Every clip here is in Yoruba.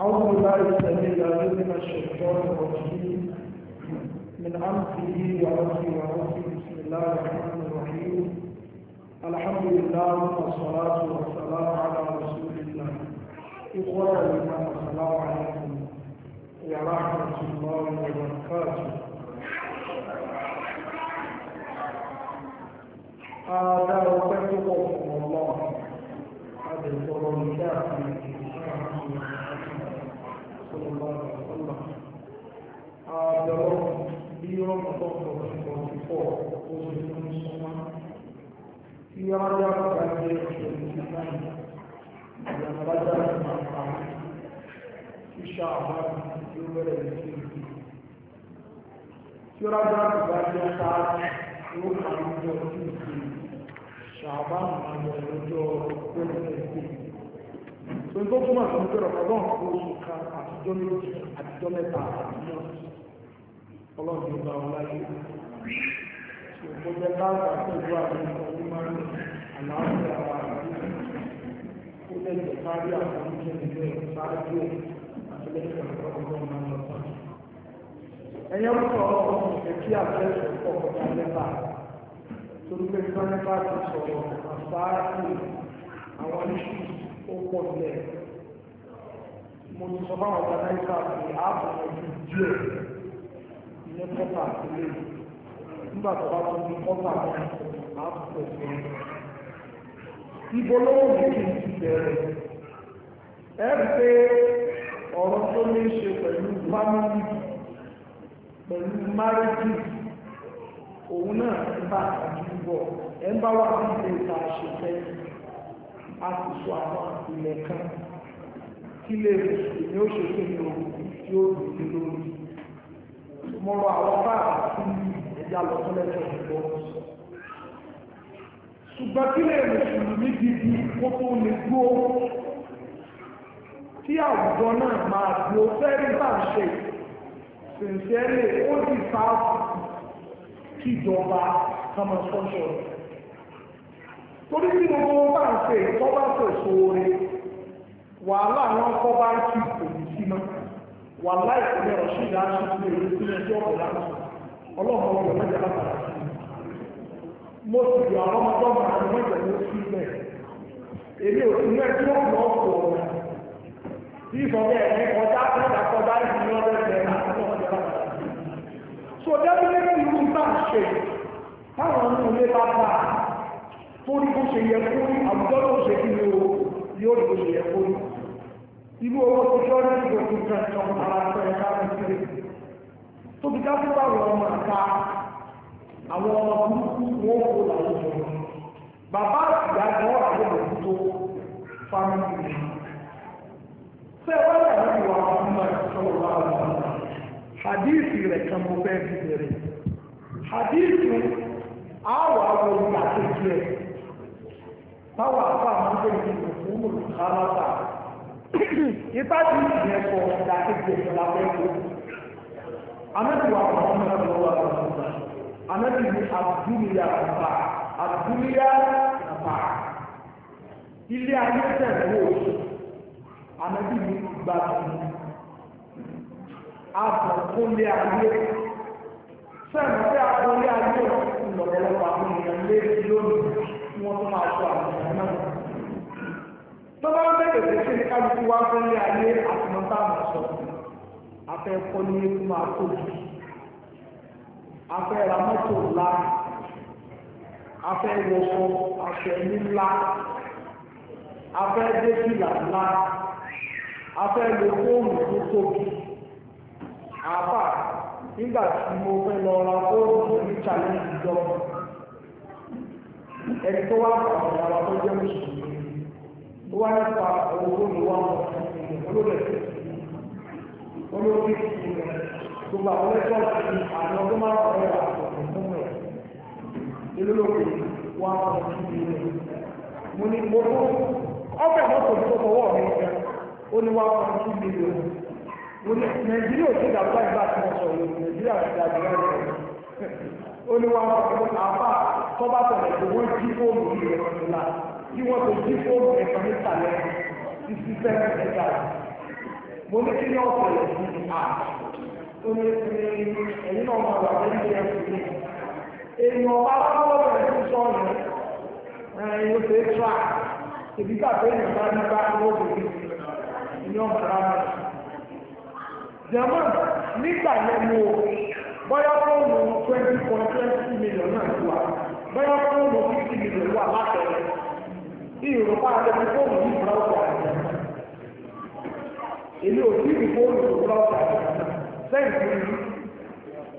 أعوذ بالله السميع العليم من الشيطان الرجيم من أمره وأمره وأمره بسم الله الرحمن الرحيم الحمد لله والصلاة والسلام على رسول الله إخوة الإمام السلام عليكم ورحمة الله وبركاته هذا وقتكم الله هذا الظلم كافي صلى الله عليه وسلم àbẹ̀wọ̀ bí ọmọ tó kọ̀ nípa òṣìṣọ́ oṣù tó ń súnmọ́ tí wọ́n yá ọ̀gá ilé ọ̀ṣọ́ ìlú náà ìyàmbá jáde máa pa iṣẹ́ àwọn tí ó bẹ̀rẹ̀ ní sí ìlú tí ó rájá ṣàbá àwọn ọjọ́ tó ń bẹ̀rẹ̀ ń tó túmọ̀ sí ìjọba ọgbọ́n oṣù kan àtijọ́ méjì àtijọ́ mẹ́ta àtijọ́ ọlọ́run ìgbà wọn láyé ṣùgbọ́n jẹ́ káàkà pẹ̀lú àwọn ọdún márùn àlàáfíà àwọn àdúgbò ó lẹ́yìn kárí àwọn oúnjẹ nílẹ̀ ṣáájú àti lẹ́yìn ọ̀pọ̀ ọgbọ́n máa lọ sọ́n. ẹ̀yẹ́ ń sọ ọ̀rọ̀ ìfẹ́ kí àtẹ́sọ̀ pọ̀ kọjá lẹ́bà torí pé sọ́nẹ́bà ti sọ̀rọ̀ àṣáájú àwọn oníṣ mo ti sọ fáwọn ọ̀gá náírà pé ààbò ọdún díẹ̀ ìyẹn kọ́pà sílé nígbà tó bá tún ní kọ́pà náà ààbò ọdún ibo lówó mi kì í ti bẹ̀rẹ̀ ẹ pé ọ̀rọ̀ tó ní ṣe pẹ̀lú family pẹ̀lú marriage òun náà ti bá àdúgbò ẹ ń bá wà ní ilé ìta àṣetẹ́ a sì sọ àwọn ìlẹ̀ kan kílé ìní ó ṣe kí ni ohun tí ó dùn sí lórí mo rọ àwọn báàbà sí ẹja lọ sí lẹ́jọ́ ìgbọ́ ṣùgbọ́n kílé mùsùlùmí gidi kó tó lè gbó tí àwùjọ náà máa gbó fẹ́rí bá ń ṣe sìnsẹ́lẹ̀ ó sì fa kíjọba kọmọ sọ́ṣọ́ torí tí gbogbo bá ń ṣe ìtọ́bàṣẹ̀ sóore wàhálà àwọn ọkọ̀ bá ń kí kò ní sí mọ́ wàhálà ìpínlẹ̀ ọ̀ṣun ìdá aṣojú lè rí sílẹ̀ tí ọ̀pọ̀ láti ọlọ́mọ ọmọ mẹ́jọ bá bàrà sí i mo sì yọ àwọn ọmọdé ọmọ àwọn mẹ́jọ ló sí bẹ́ẹ̀ èmi ò sí mẹ́jọ tí wọ́n lọ kọ̀ ọ̀rọ̀ tí ìfọ̀bẹ́ ẹ̀ kọjá kọjá kọjá ìdí ọ̀rẹ́ ẹ̀ àti ọmọdé bá bàrà sí i so dábìlẹ́ ìlú ń bá ṣe táwọn ọmọ ilé bá bá torí bó ṣe yẹ fún àwùjọ ló ṣe kí ni o yóò lè ṣe yẹ fún inú owó tó ṣọ́rí ìgbò tó jẹ́ ìjọba ara tó yẹ ká fi sílẹ̀ tó fi dájú báwọn ọmọ àká àwọn ọmọ burúkú wọn kó làwùjọ bàbá ìyá gan wà lóde tó fámìlì rẹ̀ ṣé ẹ wọ́n yàrá ìwà ọmọ ìṣòro wà lọ́wọ́ hadithi rẹ̀ kan mo fẹ́ fi bẹ̀rẹ̀ hadithi àwọn àwọn olùgbàkejì rẹ̀ báwọn àfa àwọn ọmọdé yìí kò fún olùkárà báà ipá ti ń jẹ ẹ̀kọ́ ìdàkejì ẹ̀kọ́ lábẹ́ ẹ̀kọ́ anábì wà fún ọmọ ẹ̀kọ́ lọ́wọ́ àwọn ọmọ anábì ní abdúlíyà nàfà abdúlíyà nàfà ilé ayé tẹ̀wọ́ anábì ní gbàgbọ́ abọ̀kúnlé ayé sẹ́yìn tí abọ̀kúnlé ayé lọ́wọ́ àwọn ènìyàn lé lónìí wọ́n tún máa sọ àwọn ènìyàn náà tọ́lá ń bẹ̀rẹ̀ sí kí ní kálukú wá fún ilé ayé àtúntà mọ̀ sọ afẹ́ kọ́ ní ewu máa tóbi afẹ́ ra mọ́tò ńlá afẹ́ wọṣọ aṣọ ẹni ńlá afẹ́ dẹ́kìlà ńlá afẹ́ lo fóònù tó tóbi àbá nígbà tí mo fẹ́ lọ ra fóònù ní challenge ìjọba ẹni tó wá pàdé àwọn tó jẹ́ mùsùlùmí. tó wá nípa owó ni wọ́n mọ̀ àwọn nàìjíríà ìgbà nàìjíríà ti ó ní tọ́bátọ̀ wọ́n jí fóònù yìí rẹ̀ kí wọ́n tó jí fóònù ẹ̀fọ́ níta lẹ́yìn títí sẹ́yìn ẹ̀dá mo ní kí ní ọ̀sẹ̀ lè fi à a ní ní ẹ̀yìn náà máa wà lẹ́yìn ẹ̀ fún mi èèyàn ọba fáwọn ọ̀rẹ́ tó sọ̀rọ̀ ẹ̀yìn ló fẹ́ tra èbí gbàgbé èèyàn bá ní bá owó bèbí ìní ọ̀bà rárá jẹ̀mọ́ nígbà yẹn bọ́yá fóònù twenty point twenty million náà wà bọ́yá fóònù fifty million wà látọ̀rẹ́ io àtẹnifóònù yìí búrọ́ọ̀sì àjẹmọ́ èmi ò sí ìfóònù tó búrọ́ọ̀sì àjẹmọ́ sẹ́ǹtì mi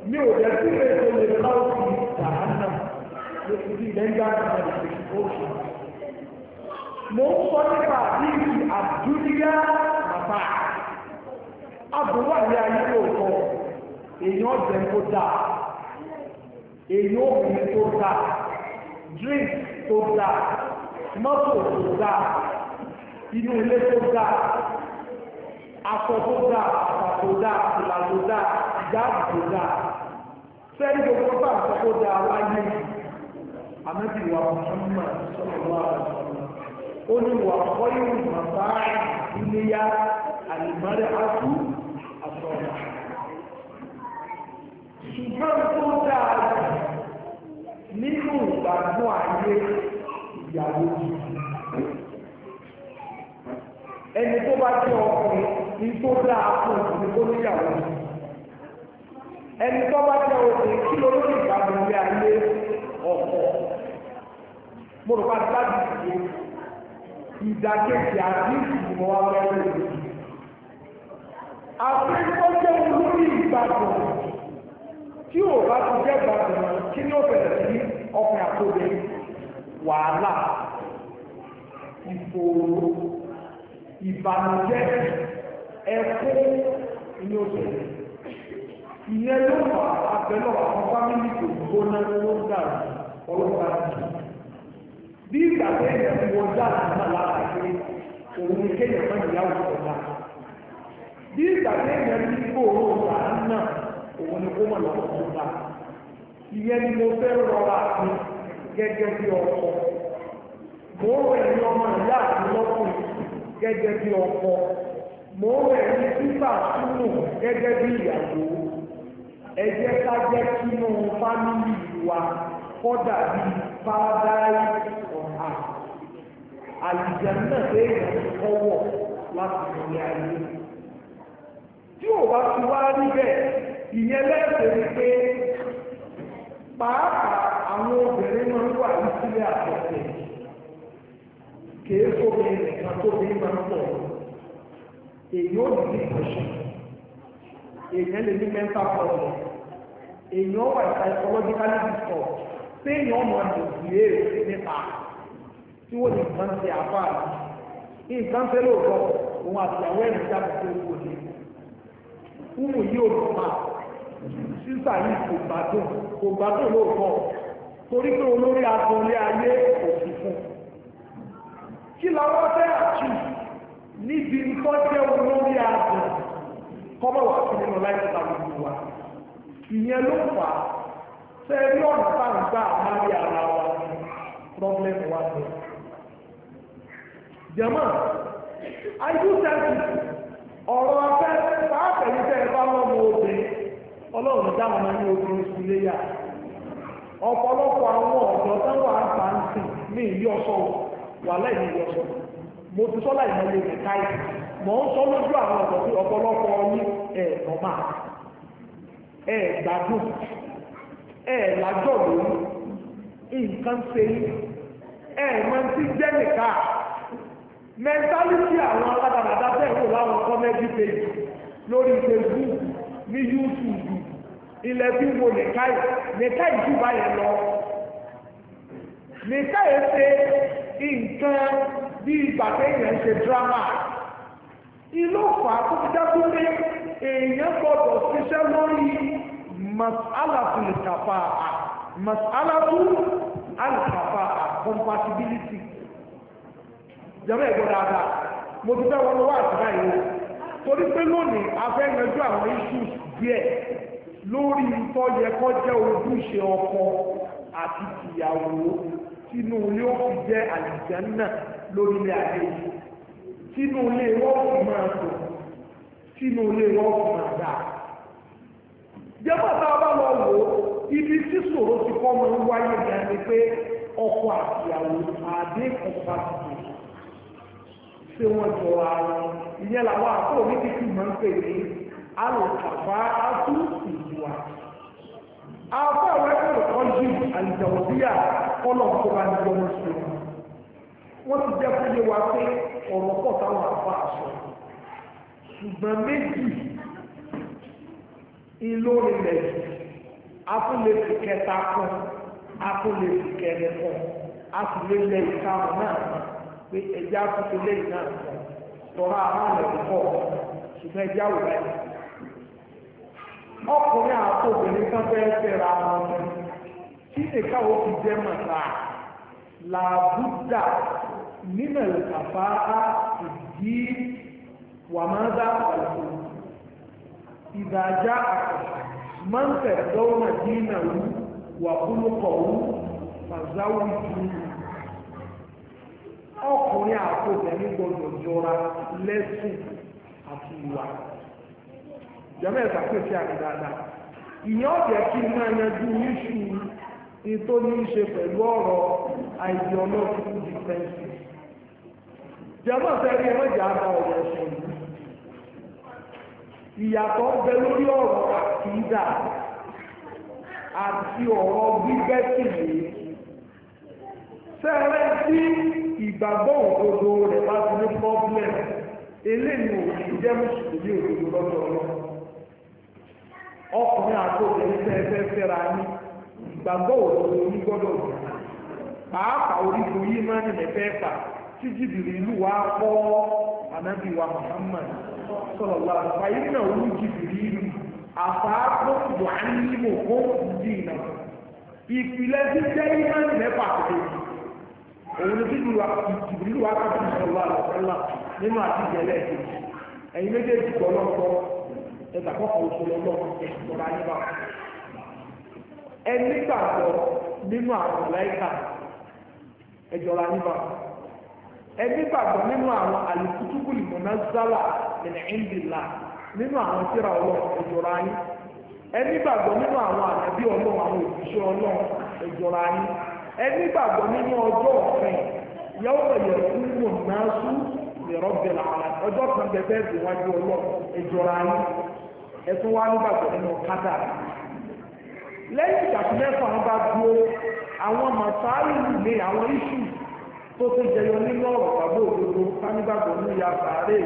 mi ò jẹ́ sí ètò lè búrọ́ọ̀sì ìjàánà lóṣù tí ìlẹ́ńdà náà lè fi oṣù. mo ń sọ nípa àdínkù àdúnyá bàbá àbúrò àyè ayé òkò èèyàn jẹ kó dáa èèyàn òkùnrin tó dáa drink tó dáa. mọ́tò tó dáa inú ilé tó dáa aṣọ tó dáa àṣà tó dáa ìlà tó dáa ìdáàbò tó dáa sẹ́yìn gbogbo bá àṣà tó dáa wáyé àmẹ́bí wa Muhammad sọ̀rọ̀ ó ní wà kọ́yìn màbá ìdíléyà àlùmọ́rẹ́ àtú àsọ̀rọ̀ ṣùgbọ́n tó dáa nínú ìgbàgbọ́ ayé ìyàwó jù ẹni tó bá jẹ́ ọkùnrin ní tó dáa fún òkùnrin tó níyàwó jù ẹni tó bá jẹ́ obìnrin kí ló lórí ìgbàgbọ́ ilé ayé ọ̀pọ̀ mo rò pàdé láti ṣe ìdákẹ́jì àti ìmọ̀ abẹ́rẹ́ rẹ̀ àfẹ́kọ́ olórí ìgbàgbọ́ tí ò bá ti jẹ́ ìgbàgbọ́ kí ni ó bẹ̀rẹ̀ sí ọkùnrin àtòbẹ̀rẹ̀ wàhálà ìfòòró ìbànújẹ́ ẹkún ní oṣù ìyẹn ló fà abẹ́lọ́ àwọn fámìlì tó gbóná ló ń dà ọlọ́pàá jù bí ìgbà tẹ́lẹ̀ tí wọ́n dà nínú aláàbẹ̀ òun ni kéèyàn máa ìyáwó ọ̀la bí ìgbà tẹ́lẹ̀ tí gbòòrò ọ̀la náà òun ni kó mọ̀ lọ́wọ́ ọ̀la ìyẹn ni mo fẹ́ rọra mi gẹ́gẹ́ bí ọkọ mò ń wẹ̀ ní ọmọ ìyá àti lọ́kùnrin gẹ́gẹ́ bí ọkọ mò ń wẹ̀ ní pípà túnú gẹ́gẹ́ bí ìyàwó ẹ jẹ́ ká jẹ́ kínú fámìlì wa kọ́dà bí fáádáì ọ̀hà àlìjẹ̀mí náà léèyàn kọ́wọ̀ láti ìrìn ayé tí ò bá ti wá níbẹ̀ ìyẹn lẹ́sẹ̀ ni pé pàápàá àwọn obìnrin máa ń wà ní sílẹ̀ àtọ̀tẹ̀ kìí fóbi nìkan tóbi máa ń pọ̀ èyí ò ní ní ìpọ̀ṣẹ̀ èyí lè ní mental problem èyí ò wà psychological disorder pé èyí ò mọ̀ ní ìdílé nípa tí wọ́n lè máa ń ṣe àbáà ní nǹkan fẹ́ lóòótọ́ òun àti àwọn ẹ̀rí jáde tó kù ní kúmù yìí ò lọ́ máa sísà yìí kò gbádùn kò gbádùn lóòótọ́. torí pé olórí agbolé ayé òsì fún kí làwọn fẹ́ níbi tó jẹ́ olórí agbo kọ́mọ̀ wà sí nínú láì tó wa ìyẹn wa ní wa bẹ̀. jẹ̀mọ́ ọ̀rọ̀ tẹ́ ẹ bá lọ́mọ obìnrin ọlọ́run dáhùn ọ̀pọ̀lọpọ̀ àwọn ọ̀dọ́ táwọn àgbà ń sìn ní ìyọ́sọ wà lẹ́yìn ìyọ́sọ mo ti sọ́lá ìmọ̀lẹ́ ìrẹ̀ká yìí mọ̀ ń sọ lójú àwọn ọ̀dọ́ pé ọ̀pọ̀lọpọ̀ ní ẹ̀ ọ̀mà ẹ̀ gbádùn ẹ̀ lájọ̀ lórí nǹkan ṣe yìí ẹ̀ ilẹ̀ tí wo nìkáì nìkáì jù báyẹn lọ nìkáì ṣe nǹkan bí ìgbà téèyàn ṣe dírámà ìlú fà á tó fi dájú pé èèyàn gbọdọ̀ ṣiṣẹ́ lórí mas'alatu al-kafa'a mas'alatu al-kafa'a compatibility jẹ́mọ́ ẹ̀gbọ́n dáadáa mo ti fẹ́ wọn lọ́wọ́ àtúbáyé torí pé lónìí a fẹ́ yanjú àwọn issues díẹ̀ lórí tó yẹ kó jẹ́ ojúṣe ọkọ àti tìyàwó tínú ilé ó fi jẹ́ àlìjánná lórí ilé ayé yìí tínú ilé wọ́n fi máa dùn tínú ilé wọ́n fi máa dà. jẹ́pọ̀ tá a bá lọ wò ó ibi tí ṣòro ti kọ́ máa ń wáyé gan ni pé ọkọ àtìyàwó àdéhùn bá ti dùn ṣé wọ́n jọ ara ìyẹn làwọn àkóò ní kíkì máa ń pè ní alùpàpà àtú ìwà afọ àwọn ẹgbẹ̀rún kọjú àlìjàwòsíyà kọlọ tó bá ní gbọmọ sí wọn ti jẹ fún yé wa pé ọ̀rọ̀ pọ̀ táwọn àfa àṣọ ṣùgbọ́n méjì ìlórí rẹ̀ afúnlẹ̀sì kẹta kan afúnlẹ̀sì kẹrin kan afúnlẹ̀lẹ̀ ìkarùn náà kan pé ẹja afúnlẹ̀lẹ̀ náà kan tọ́ra àwọn àlẹ́ pọ̀ ṣùgbọ́n ẹja wò báyìí ọkùnrin àti obìnrin kan fẹ́ fẹ́ra wọn kí nìkan ó fi jẹ́ màtá làbúdà nínú ìkàfà ìdí wàmádà àlùkò ìdájá àkàtà máa ń tẹ̀dọ́wọ́n dínà wù wà kúlùkọ̀ wù fàzáwù jù ọkùnrin àti obìnrin gbọdọ̀ jọra lẹ́sìn àti ìwà jẹ́mẹ́ ẹ̀ka pèsè àmì dáadáa ìyẹn ọ̀dẹ̀ kí n máa yanjú iṣu tó ní í ṣe pẹ̀lú ọ̀rọ̀ ideological defense jẹ́mọ́ sẹ́rí ẹlẹ́jà àbá ọ̀rọ̀ ẹ̀sìn ìyàtọ̀ ń bẹ lórí ọ̀rọ̀ àkìdá àti ọ̀rọ̀ gbígbẹ́sìlè sẹ́rẹ́ tí ìgbàgbọ́ òdodo rẹ̀ bá ti ní pọ́blẹ̀mù eléyìí ò ní jẹ́ mùsùlùmí òdodo lọ́dọ̀ ọlọ́run ọkùnrin àti obìnrin tẹ́ ẹ fẹ́ fẹ́ra yín ìgbàgbọ́ òdodo yín gbọ́dọ̀ jù pàápàá orígun yìí máa ń nìyẹn fẹ́ fà tí jìbìrì ìlú wa kọ́ ànábì wa Muhammad sọ̀rọ̀ wa fàyín náà wú jìbìrì ìlú àfààkó kó ìpìlẹ̀ tí jẹ́ òun jìbìrì ìlú wa nínú àti méjèèjì ẹgbà kọ́kọ́ òṣèlú ọlọ́run ìjọba ẹni gbàgbọ́ nínú àwọn ọ̀láìkà ẹjọba nígbà ẹni gbàgbọ́ nínú àwọn àlùkùtùkù ìmọ̀nàzálà nínú nínú àwọn tíra yín ẹni gbàgbọ́ nínú àwọn àdàbí àwọn òṣìṣẹ́ yín ẹni gbàgbọ́ nínú ọjọ́ ọ̀fẹ́ fún mọ̀nàzú lẹ̀rọ bẹ̀rẹ̀ àlà ọjọ́ kan bẹ bẹ́ẹ̀ sì wájú ọlọ́ ìjọra yín ẹ̀tún wá nígbàgbọ́ nínú kádà lẹ́yìn ìgbà tí mẹ́fà ń bá dúró àwọn àwọn iṣu tó jẹyọ nínú ọ̀rọ̀ òdodo ní ìyá sàárè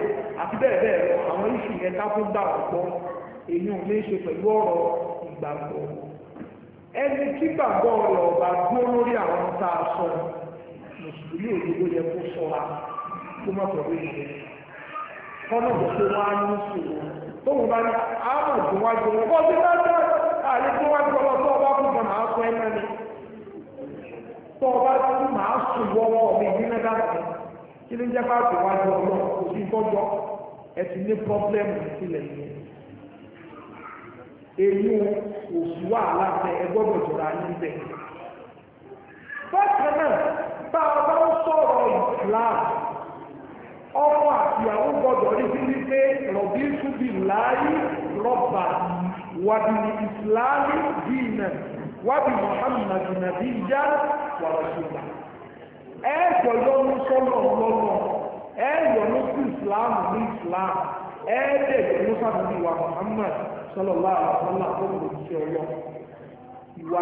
àti bẹ́ẹ̀ bẹ́ẹ̀ lọ àwọn iṣu yẹn gbà ọ̀pọ̀ a sọ mùsùlùmí òdodo yẹ kó kó má sọ pé ìṣe kọ́nà bó ṣe wá ní ìṣòro tóun bá ní àmọ̀ tó wá jẹ wọn bọ́ọ̀dé dáadáa àlè tó wá jẹ ọlọ́tọ́ ọba kú kan máa sọ ẹ́ náà ni tó ọba tí máa sùn wọ́wọ́ mi ní náà kí ló ń jẹ́ bá tó wá jẹ ọlọ́ kò sí tọ́jọ́ ẹ ti ní pọ́blẹ́mù sílẹ̀ yẹn èyí òsù wàhálà tẹ ẹ gbọ́dọ̀ jọra níbẹ̀ bákan náà bá a bá ń sọ̀rọ̀ ìsìláàmù ọkọ àtìyàwó gbọdọ̀ rí sí wípé rọ̀bí ṣúbì láàyè rọ̀bà wàbí ìsìláàmì dìínà wàbí Muhammad nàbí yá wàrọ̀ṣùgbà ẹ gbọ̀yọ́nú sọ́nà lọ́nà ẹ yọ̀nú sí ìsìláàmù ní ìsìláàmù ẹ dẹ̀ yọ̀nú wa Muhammad sọlọ́lá àlọ́lá tó kò ìwà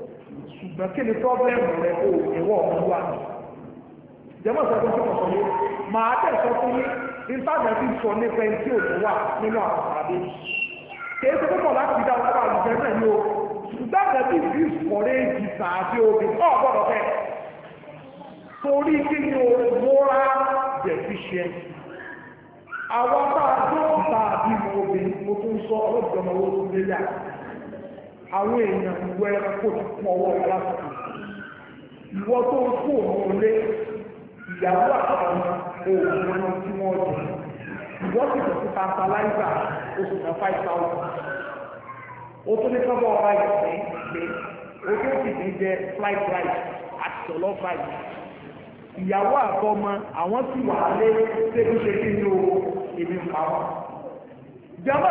ṣùgbọ́n kí ni pọ́blẹ́mù rẹ o ẹ̀wọ́ ọ̀hún wà ní. jẹ́mọ̀ sọ fún sọ́kọ̀ sọ́yé màá tẹ̀ sọ fún yín ìtàgẹ́bí sọ nípa ẹni tí ò ní wà nínú àwọn àbí. kìí ṣe púpọ̀ láti dá ọkọ̀ àlùjẹ́ náà ní o ìtàgẹ́bí fi sọ̀rọ̀ èjì sàájú obì ọ̀gbọ́dọ̀ bẹ́ẹ̀. torí kí ni o mọ́ra deficient. àwọn bá a tó ń bá a bí mo obì mo tún sọ ọlọ́dún ọmọ owó tó lé àwọn èèyàn ìwọ ẹranko ti kún ọwọ́ aláṣọ ìwọ tó ń kó òun lé ìyàwó àtàwọn ọmọ tí jẹ ìwọ ti oṣù náà o tún ní sábà ọba ìgbẹ́ gbé o tún sì ní jẹ flight ride àti sọ̀lọ́ flight ìyàwó àtọmọ àwọn sì wà lé ṣéṣe kí ni o èmi pa wọn. ìjàmbá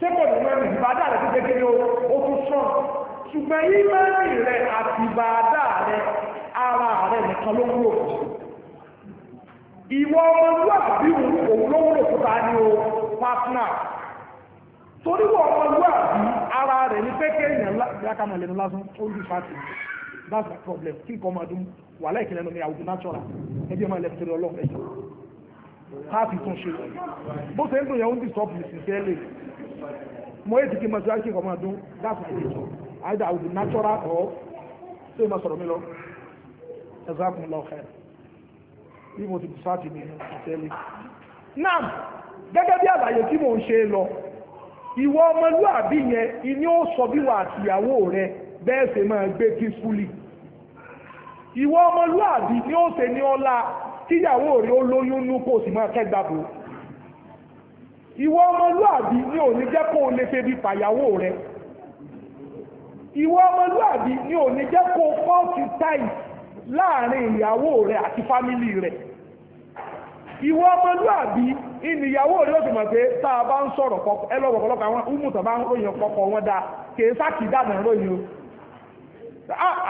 ṣé kò ní mẹ́rin ìbádà rẹ̀ tó jẹ́ kí ni ó tún sàn ṣùgbọ́n yí mẹ́rin rẹ̀ àti ìbádà rẹ̀ ara rẹ̀ nìkan ló wúlò ìwọ ọmọlúwàbí òun ló wúlò tó ta ni o pátánà torí wọ ọmọlúwàbí ara rẹ̀ ní pẹ́kẹ́ èèyàn lákàmọ̀ lẹ́nu lásán ó ń bí fásitì that's the problem kí nǹkan máa dún wàhálà ìkìlẹ̀ lómi àwùjọ natural ẹbí ọmọ ẹlẹ́pẹ̀tẹ̀rẹ̀ ọlọ́run ẹ̀jẹ̀ káàfin tún ṣe bó ṣe ń dùn yẹn ó ń dìstọ́pù ìsinsẹ́lẹ̀ mo yé tìkí mọ̀sálásí kọ̀ máa dún that's my age either i will be natural or ṣé ma sọ̀rọ̀ mi lọ ẹ̀sán kun lọ ọ̀hẹ́ bí mo ti bù sáà tì mí ìtẹ́lẹ̀ náà gẹ́gẹ́ bí àlàyé tí mò ń ṣe lọ ìwọ ọmọlúàbí yẹn ìní ó sọ bí wà àtìyàwó rẹ bẹ́ẹ̀ ṣe máa gbé peacefully ìwọ ọmọlúàbí ni ó ṣe ní ọlá tíyàwó rẹ ó lóyún nú kó sì máa kẹ́gbàbọ̀ ìwọ ọmọlúàbí ni ò ní jẹ́ kó o lè febi fàyàwó rẹ ìwọ ọmọlúàbí ni ò ní jẹ́ kó o fọ́ọ̀tì táì láàrin ìyàwó rẹ àti fámìlì rẹ ìwọ ọmọlúàbí ìnìyàwó rẹ a bá ń sọ̀rọ̀ ẹ lọ́wọ́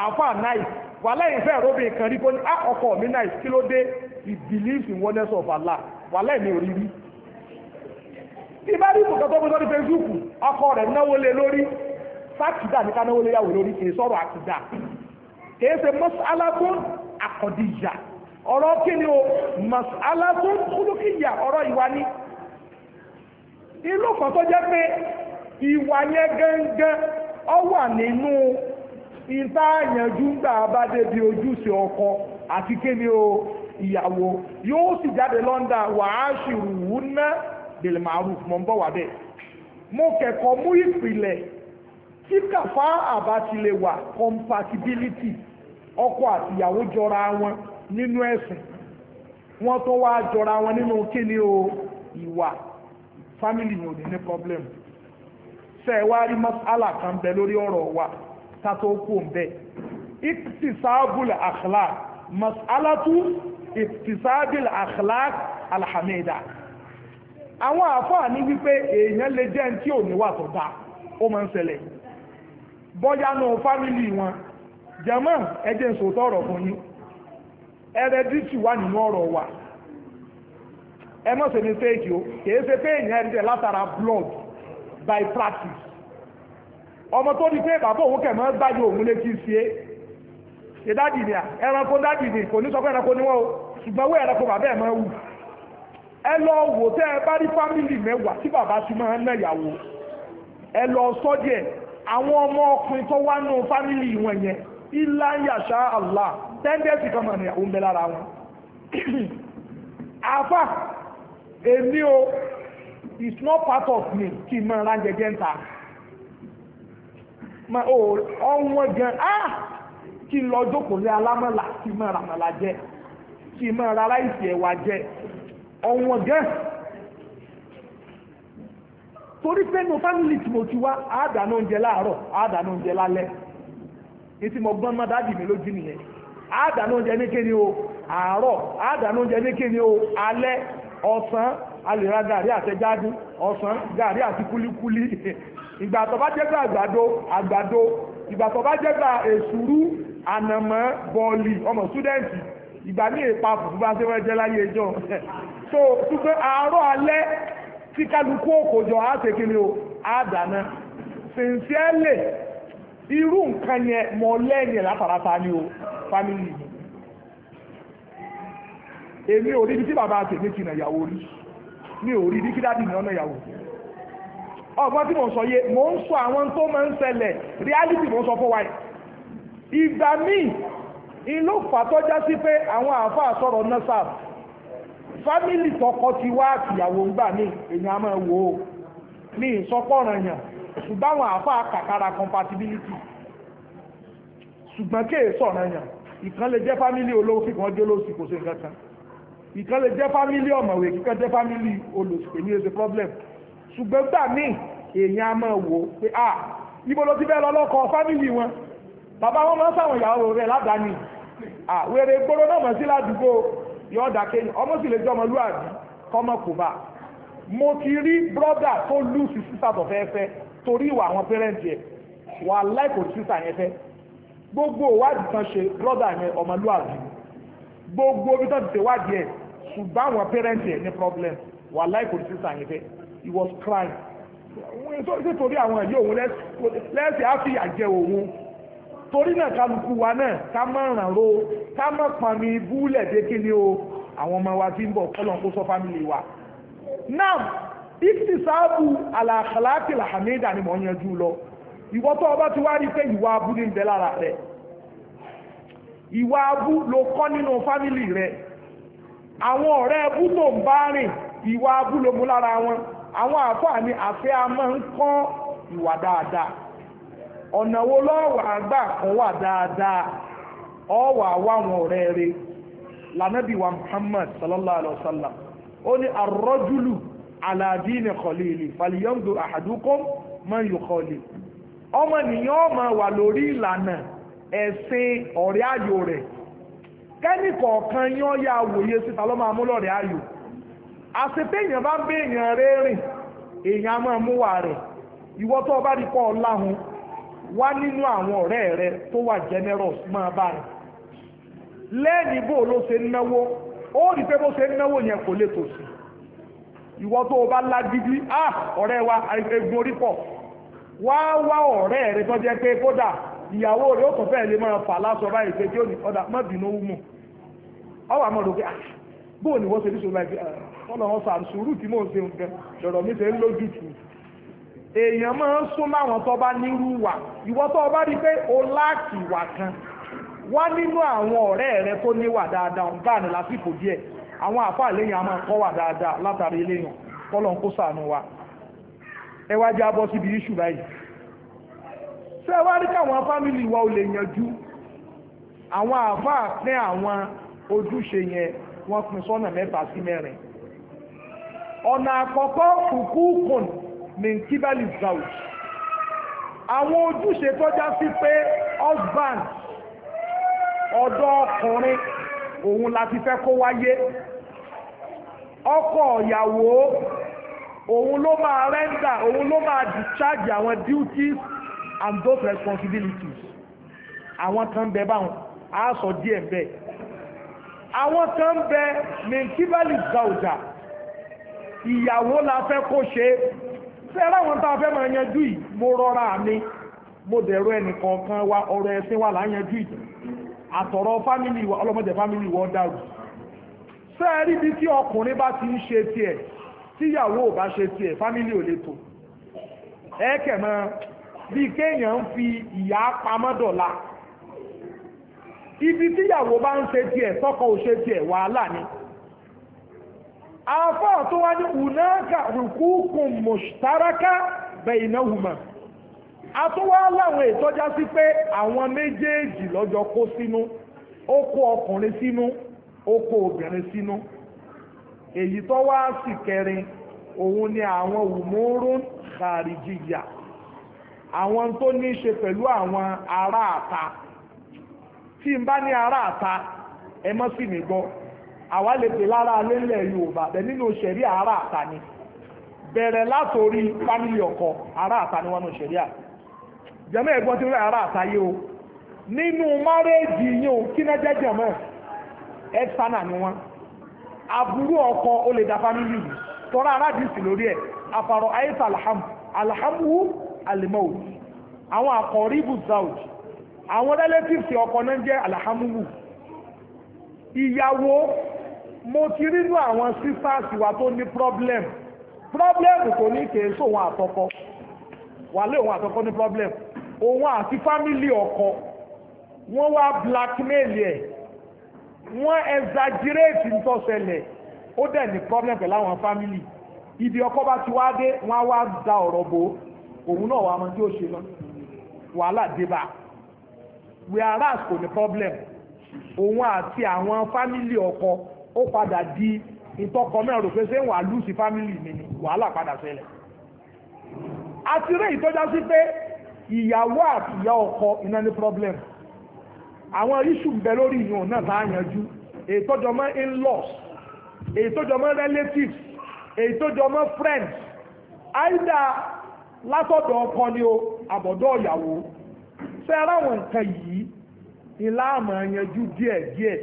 àwọn o wà lẹ́yìn fẹ́ kan ah, ọkọ mi kí ló dé tí bá rí ìbùkẹ́ tó gbé Facebook ọkọ rẹ̀ náwó lé lórí fàkìdá ní ká náwó lé yàwó lórí kì í sọ̀rọ̀ àkìdá kì í ṣe mọ́sálásún àkọ̀díjà ọ̀rọ̀ kí ni o mọ́sálásún kúlùkìyà ọ̀rọ̀ ìwà ni ìlú kan tó jẹ́ pé ìwà yẹn gẹ́gẹ́ ọ wà nínú ìta gbà bá débi ojúṣe ọkọ àti kí ni o ìyàwó yóò sì jáde lọ́ndà wàá ṣìrù bèlè màrúf mọ̀ ń bọ̀ wá bẹ̀ mo kẹ́kọ̀ọ́ mú ìpìlẹ̀ tí kàfá àbá ti lè wà compatibility ọkọ àtìyàwó jọra wọn nínú ẹ̀sìn wọ́n tó wá jọra wọn nínú kíni o ìwà family yìí ò ní ní problem ṣe ẹ wá rí masala kan bẹ lórí ọ̀rọ̀ wa ká tó kú ń bẹ iktisabul akhlaq masalatu iktisabul akhlaq alhamida. àwọn àfáà ní wípé èèyàn lè jẹ́ tí ò wà tó dá ó máa ń ṣẹlẹ̀ bọ́yá nù fámìlì wọn jẹ́mọ́ ẹjẹ́ ìṣòótọ́ ọ̀rọ̀ fún yín ẹrẹ́dìtì wà nínú ọ̀rọ̀ wa ẹ mọ̀ sí o kìí ṣe pé èèyàn ẹ̀rẹ́dẹ̀ by practice ọmọ tó ní pé bàbá òun gbájú òun lè kí sí ni o ṣùgbọ́n owó ẹranko bàbá ẹ̀ ẹ lọ wò tẹ́ ẹ bá rí fámìlì mẹ́wàá tí bàbá ti máa ń náyàwó ẹ lọ sọ́jẹ̀ àwọn ọmọ ọkùnrin tó wá nù fámìlì wọn yẹn ilá ń yàṣá àlá tẹ́ńdẹ́sì kan mọ̀ níyàwó ń bẹ lára wọn. àfà èmi o it's not part of me kí n máa ránjẹ jẹ́ ń ta ọ̀wọ́n gan ah kí n lọ jókòó lé alámọ̀là kí n máa ràmàlà jẹ kí n máa ra láìsí ẹ̀wà jẹ ọ̀wọ̀n gẹ́ torí pé mo fámìlì tí mo ti wá àádáná oúnjẹ láàárọ̀ àádáná oúnjẹ lálẹ́ ní tí mo gbọ́n mọ́dádì mi lójú nìyẹn àádáná oúnjẹ ní kíni o àárọ̀ àádáná oúnjẹ ní kíni o alẹ́ ọ̀sán alèrà gàrí àtẹjádún ọ̀sán gàrí àti kúlíkúlí ìgbà tó bá jẹ́gbà àgbàdo àgbàdo ìgbà tó bá jẹ́gbà èsúrú ànàmọ́ so tupu aro alẹ ti kaluku òkòjọ́ a ṣe o adana dáná sincerely irú nǹkan yẹn mọ̀ látàrátà ni o family èmi ò rí tí bàbá ti nà ìyàwó rí mi ò rí ibi kí dáàdì nìyànnà ìyàwó ọgbọ́n tí mo sọ yé mo ń sọ àwọn tó máa ń ṣẹlẹ̀ reality mo sọ fún wa ìgbà míì ìlú fàtọ́já sí pé àwọn àáfàá sọ̀rọ̀ fámìlì tọkọ ti wá àtìyàwó ń gbà ní èèyàn a máa wò ó ní ìsọpọ̀ràn yàn ṣùgbọ́n àwọn àáfàá kàkàrà compatibility ṣùgbọ́n kéè sọ̀ràn yàn ìkan lè jẹ́ fámìlì olówó kíkan jẹ́ olóòsì kò sí nǹkan kan ìkan lè jẹ́ fámìlì ọ̀mọ̀wé kíkan jẹ́ fámìlì olóòsì kò ní ẹsẹ̀ problem ṣùgbọ́n gbà míì èèyàn a máa wò ó pé ah ibo ló ti bẹ́ẹ̀ lọ́lọ́kọ fámìlì wọn bàbá wọn máa ń sáwọn ìyàwó rẹ̀ ládàáni àwẹ̀rẹ̀ gbọ́dọ̀ náà mọ̀ sí ládùúgbò yọ ọ̀dà kéyìn ọmọ sì lè jẹ́ ọmọlúwàbí kọ́mọ kò bá mo ti rí brọ́dà tó lù sí sísà tó fẹ́ fẹ́ torí ìwà àwọn pẹ́rẹ́ǹtì ẹ̀ wà láìkò sísà yẹn fẹ́ gbogbo ìwádìí kan ṣe brọ́dà yẹn ọmọlúwàbí gbogbo ibi tó ti ṣe wádìí ẹ̀ ṣùgbọ́n àwọn pẹ́rẹ́ǹtì ẹ̀ ní problem wà láìkò sísà yẹn fẹ́ he was crying nítorí àwọn ẹ̀yọ́ òun lẹ́sìn á fi àjẹ òun torí náà kálukú wa náà ká má ràn ro ká má pàmì búlẹ̀ dé kí ni o àwọn ọmọ wa ti ń bọ̀ kọ́lọ̀ kó sọ fámìlì wa náà ìfìsàbù àlàkàlàkì làhàmídà ni mò ń yanjú lọ ìwọ tó ọba ti wá rí pé ìwà abú ní ìbẹ̀ lára rẹ̀ ìwà abú ló kọ́ nínú fámìlì rẹ̀ àwọn ọ̀rẹ́ ẹbú tó ń bá rìn ìwà abú ló mú lára wọn àwọn àfáà ni àfẹ́ a máa ń kọ́ ìwà dáadáa ọ̀nà wo lọ́wọ́ àgbà kan wà dáadáa ọ̀wà wáwọn ọ̀rẹ́ rẹ̀ wa Muhammad sallallahu alaihi wa ó ní arrajulu ala dini khalili ahadukum man yukhalil ọmọ nìyàn ọmọ wà lórí ìlànà ẹ̀sìn ọ̀rẹ́ ayò rẹ̀ yán ya wòye ayò èèyàn bá ń bẹ èèyàn rẹ́rìn èèyàn máa mú wà rẹ̀ bá rí wá nínú àwọn ọ̀rẹ́ rẹ tó wà generous máa bá rẹ̀ lẹ́yìn bó ló ṣe náwó ó rí pé bó ṣe náwó yẹn kò lè tòṣì ìwọ tó o bá lágídí á ah, wa egun orí pọ̀ wá wá ọ̀rẹ́ rẹ tó jẹ́ pé kódà ìyàwó rẹ ó kàn lè máa fà báyìí pé kí ọ wà mọ̀ lókè bó ni wọ́n ṣe ní ah, ṣòro mò ń ṣe nǹkan mi ṣe ń èèyàn máa ń sún láwọn tó bá nírú wà ìwọ tó bá rí pé o láàkì ìwà kan wá nínú àwọn ọ̀rẹ́ rẹ tó níwà dáadáa ń bá ní lásìkò díẹ̀ àwọn àfáà lẹ́yìn a máa kọ́ wà dáadáa látàrí eléyàn kọ́lọ̀ ń kó sànù wa ẹ wá jẹ́ abọ́ síbi iṣu báyìí ṣé ẹ wá rí káwọn fámìlì wa ò lè yanjú àwọn àfáà pín àwọn ojúṣe yẹn wọ́n pín sọ́nà mẹ́ta sí mẹ́rin ọ̀nà àkọ́kọ́ kùkú kùn minkibali zauj àwọn ojúṣe tó já sí pé husband ọ̀dọ́ ọkùnrin òun la ti fẹ́ kó wáyé ọkọ ìyàwó òun ló máa render òun ló máa discharge àwọn duties and those responsibilities àwọn kan bẹ báwọn a sọ díẹ̀ bẹ́ẹ̀ àwọn kan bẹ minkibali zauja ìyàwó la fẹ́ kó ṣe é ṣé láwọn tá a fẹ́ máa yanjú yìí mo rọra mi mo dẹ̀rọ ẹnì kọ̀ọ̀kan wa ọ̀rọ̀ ẹ̀sìn wa là ń yanjú yìí àtọ̀rọ̀ fámìlì wa ọlọ́mọdé fámìlì wa dàrú ṣé ẹ rí ibi tí ọkùnrin bá ti ń ṣe tiẹ̀ tíyàwó ò bá ṣe tiẹ̀ fámìlì ò lè tò ẹ mọ́ bíi kéèyàn ń fi ìyá pamọ́ dọ̀la ibi tíyàwó bá ń ṣe tiẹ̀ tọkọ ò ṣe tiẹ̀ wàhálà ni àfáà tó wá ní ùnáàkà rùkúkùn mùsítáraka bẹ̀yìnáhùmá a tó wá láwọn ìtọ́já sí pé àwọn méjèèjì lọ́jọ́ kó sínú ó kó ọkùnrin sínú ó kó obìnrin sínú èyí tó wá sì kẹrin òun ni àwọn umurun kharijiya àwọn tó ní í ṣe pẹ̀lú àwọn aráàta tí n bá ní aráàta ẹ mọ́ sí mi gbọ́ àwa lè pè lára lélẹ̀ yorùbá bẹ̀ nínú ṣẹ̀rí ara àta ni bẹ̀rẹ̀ látòrí fámìlì ọkọ ara àta ni wọn nù ṣẹ̀rí à jẹ́mọ́ ẹ̀gbọ́n ti rí ara àta yìí o nínú márẹ́ẹ̀jì yìí o kí náà jẹ́ jẹ̀mọ́ ẹ̀ ni wọn aburú ọkọ ó lè da fámìlì yìí tọ́ra aládìsí lórí ẹ̀ àfàrọ̀ àyíṣà alhamu alhamu alimau àwọn àkọ̀ríbù zaud àwọn relatives ọkọ náà jẹ́ alhamu ìyàwó mo ti rínú àwọn sisters wa tó ní problem problem kò ní kèé sóhun àtọkọ wà lé òun àtọkọ ní problem òun àti fámìlì ọkọ wọ́n wá blackmail ẹ̀ wọ́n exaggerate ntọ́sẹlẹ̀ ó dẹ̀ ní problem pẹ̀lú àwọn fámìlì ibi ọkọ bá ti wá dé wọ́n á wá da ọ̀rọ̀ bò òun náà wà á mọ tí ó ṣe náà wàhálà dé bá whereas kò ní problem òun àti àwọn fámìlì ọkọ ó padà di ìtọ́kọ mẹ́rin rò pé ṣé wà lùsì fámìlì mi ni wàhálà padà ṣẹlẹ̀ àti rẹ̀ ìtọ́já sí pé ìyàwó àti ìyá ọkọ iná ní problem àwọn iṣu bẹ lórí ìyàn náà bá yanjú èyí tó jọ mọ́ in-laws èyí tó jọ mọ́ relatives èyí tó jọ mọ́ friends àìdá látọ̀dọ̀ ọkọ ni o àbọ̀dọ̀ ìyàwó ṣé aráwọn nǹkan yìí ìlànà yanjú díẹ̀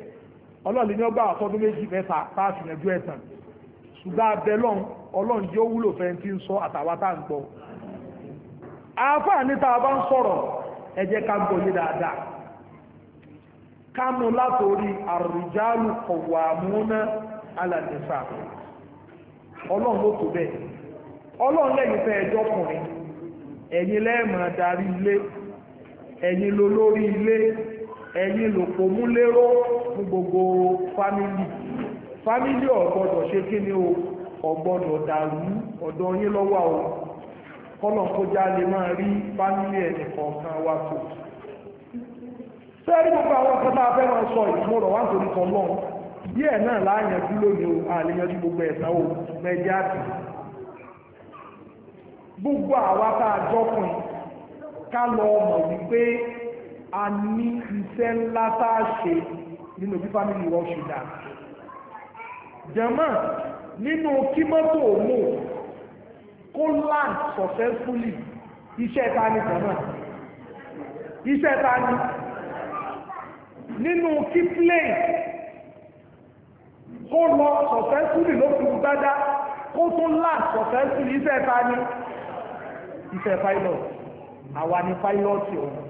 ọlọ́ọ̀lẹ́ ní ọgbà àtọ́dún méjì mẹ́ta páàsì yanjú ẹ̀sán ṣùgbọ́n abẹ lọ́n ọlọ́run yóò wúlò fẹ́ tí ń sọ àtàwà tá ń gbọ́ àáfàá níta bá ń sọ̀rọ̀ ẹ jẹ́ ká gbọ́ yé dáadáa ká mú látòrí àrùjálù kọ̀wà ẹ̀yin lòpò mú lérò fún gbogbo fámílì fámílì ọ̀gbọ́dọ̀ ṣe kí ni o ọ̀gbọ́dọ̀ dàrú ọ̀dọ̀ yín lọ́wọ́ o kọ́nà kó já lè máa rí fámílì ẹnì kọ̀ọ̀kan wa tó sẹ́rí gbogbo àwọn ọ̀kan tá a fẹ́ máa sọ yìí mo rọ̀ wá nítorí kan lọ́n díẹ̀ náà láàyànjú lónìí o àlèyànjú gbogbo ẹ̀sán o mẹ́já sí gbogbo àwa tá a jọ́kùn ká lọ mọ̀ wípé a ní iṣẹ́ ńlá tá a ṣe nínú bí fámìlì wọn ṣù dà jẹ́mọ́ nínú kí mọ́tò mú kó land successfully iṣẹ́ ta ni jẹ́mọ́ iṣẹ́ ta ni nínú kí plane kó lọ successfully ló fi gbádá kó tó land successfully iṣẹ́ ta ni iṣẹ́ pilot àwa ni pilot ọ̀hún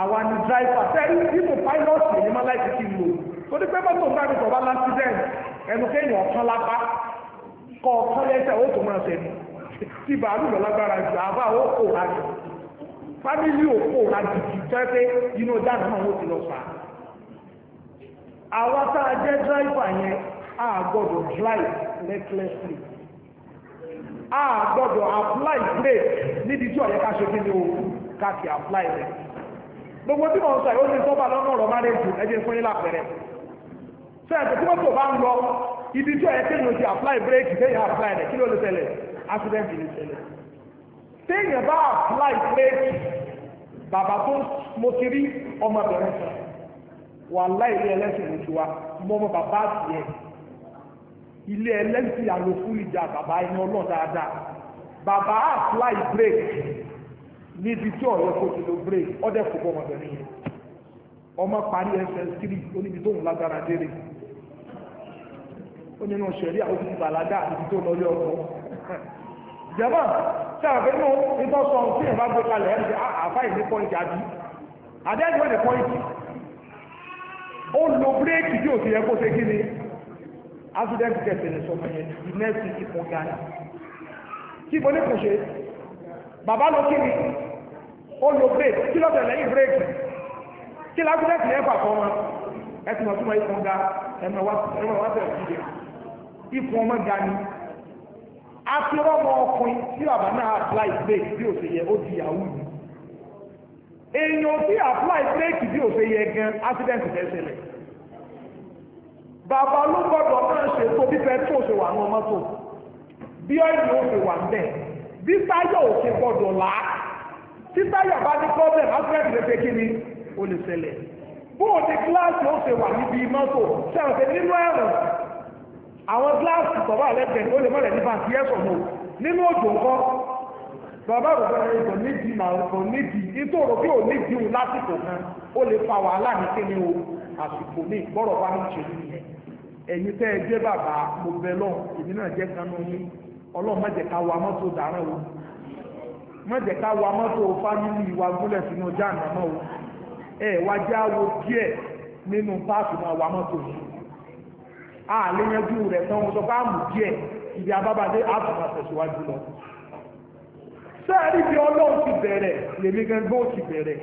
àwa ni driver. sẹ́rí ibò pilọ́ọ̀tì èyí máa láìsí kí n lò tó ní pé mọ́tò ń bá mi sọ̀rọ̀ lásìdẹ̀ẹ̀n ẹnu kéèyàn ọ̀kan lápá kọ́ ọ̀kan lẹ́sẹ̀ ó tó máa sẹ́nu tí bàálù lọ lágbára jù àbá ó kò ra jù fámìlì ò kò ra jù jù tẹ́ pé inú dáná náà ó ti lọ fà á àwa tá a jẹ́ dráìfà yẹn a gbọ́dọ̀ drive recklessly a gbọ́dọ̀ apply brake níbi tí ọ̀yẹ́ ká ṣe kí ni o ká fi apply rẹ̀ gbogbo tí wọ́n sọ yìí ó ti sọ́ba lọ́nà ọ̀rọ̀ márẹ́jì ẹ̀jẹ̀ fún yín lápẹ̀rẹ̀ sẹ́ẹ̀tì tí wọ́n tó bá ń lọ ibi tí ọ̀yẹ́ kéèyàn ti apply break kéèyàn apply rẹ̀ kí ló lè ṣẹlẹ̀ accident lè ṣẹlẹ̀ téèyàn bá apply break bàbá tó mo ti rí ọmọbìnrin sọ wà láì ilé ẹlẹ́sìn ló ti wá mo mọ bàbá àti ẹ̀ ilé ẹlẹ́sìn àlòkù ìjà bàbá ẹni ọlọ́ọ̀ dáadáa bàbá apply break níbi tí ọ̀rẹ́ kò ti lo break ọ̀dẹ̀ kò bọ́ ọmọbìnrin yẹn ọmọ parí ss3 oníbi tó ń lágbára délé ó nínú ṣẹ̀rí àwọn ti bàlágà níbi tó lọ lé ọkọ jẹ́mà tí a fẹ́ nù nípa sọ tí ẹ̀ bá gbé kalẹ̀ ẹ̀ ṣe ah, àfáì ní pọ́ǹtì àbí àdéhùn ní pọ́ǹtì ó lo bírèkì tí ò ti yẹ kó ṣe kí ni accident kẹsẹ̀ ní sọmọ yẹn the next thing kí mo gánà kí mo kò ṣe bàbá ló kí ni ó lo bírèkì kí ló tẹ̀lé yìí bírèkì kí lágbẹ́sì yẹn fà fún ọmọ ẹtì mọ̀ tó mọ̀ ikùn ga ẹ̀mọ wá tẹ̀ ìdíje ikùn ọmọ ga ni afirọ́mọ ọkùnrin tí bàbá náà apply bírèkì bí ó ṣe yẹ ó di yahoo yìí èèyàn tí apply bírèkì bí ó ṣe yẹ gan accident fẹ́ ṣẹlẹ̀ bàbá ló gbọ́dọ̀ náà ṣètò bí pẹ́trò ṣe wà ní ọmọ tó bí ọ́ìlì ó ṣe wà ń bẹ́ẹ̀ bí táyà ò ṣe gbọ́dọ̀ là á tí táyà bá ní problem alfred lè fẹ́ kí ni ó lè ṣẹlẹ̀ bóò ní kíláàsì ó ṣe wà níbi mọ́tò ṣẹ̀ǹfẹ̀ nínú ẹ̀rọ àwọn kíláàsì tọ́wọ́ àlẹ́gbẹ̀ẹ́ ó lè mọ̀lẹ̀ nípa ti ẹ̀sọ̀ mọ́ nínú òjò ńkọ́ bàbá àgbàgbà ẹ̀sọ̀ níbi ìmọ̀ níbi nítorí pé ò níbi òun lásìkò kan ó lè fa wàhálà ní kíni o àsìkò ní ìgbọ́rọ̀ bá ń ṣe nìyẹn ẹ̀yin tẹ́ ẹ jẹ́ bàbá mo bẹ lọ́ọ̀ èmi náà jẹ́ kanú yín ọlọ́run má jẹ́ ká wa mọ́tò dáràn o má jẹ́ ká wa mọ́tò fámìlì wa gúnlẹ̀ sínú jáàmù náà o ẹ wá já wo díẹ̀ nínú páàkì náà wa mọ́tò yìí a lè yanjú rẹ̀ tán wọn sọ pé àmù díẹ̀ ibi abábadé àtùmọ̀ àtẹ̀síwájú lọ sẹ́ẹ̀rí bí ọlọ́run ti bẹ̀rẹ̀ lèmi gan gbọ́ ti bẹ̀rẹ̀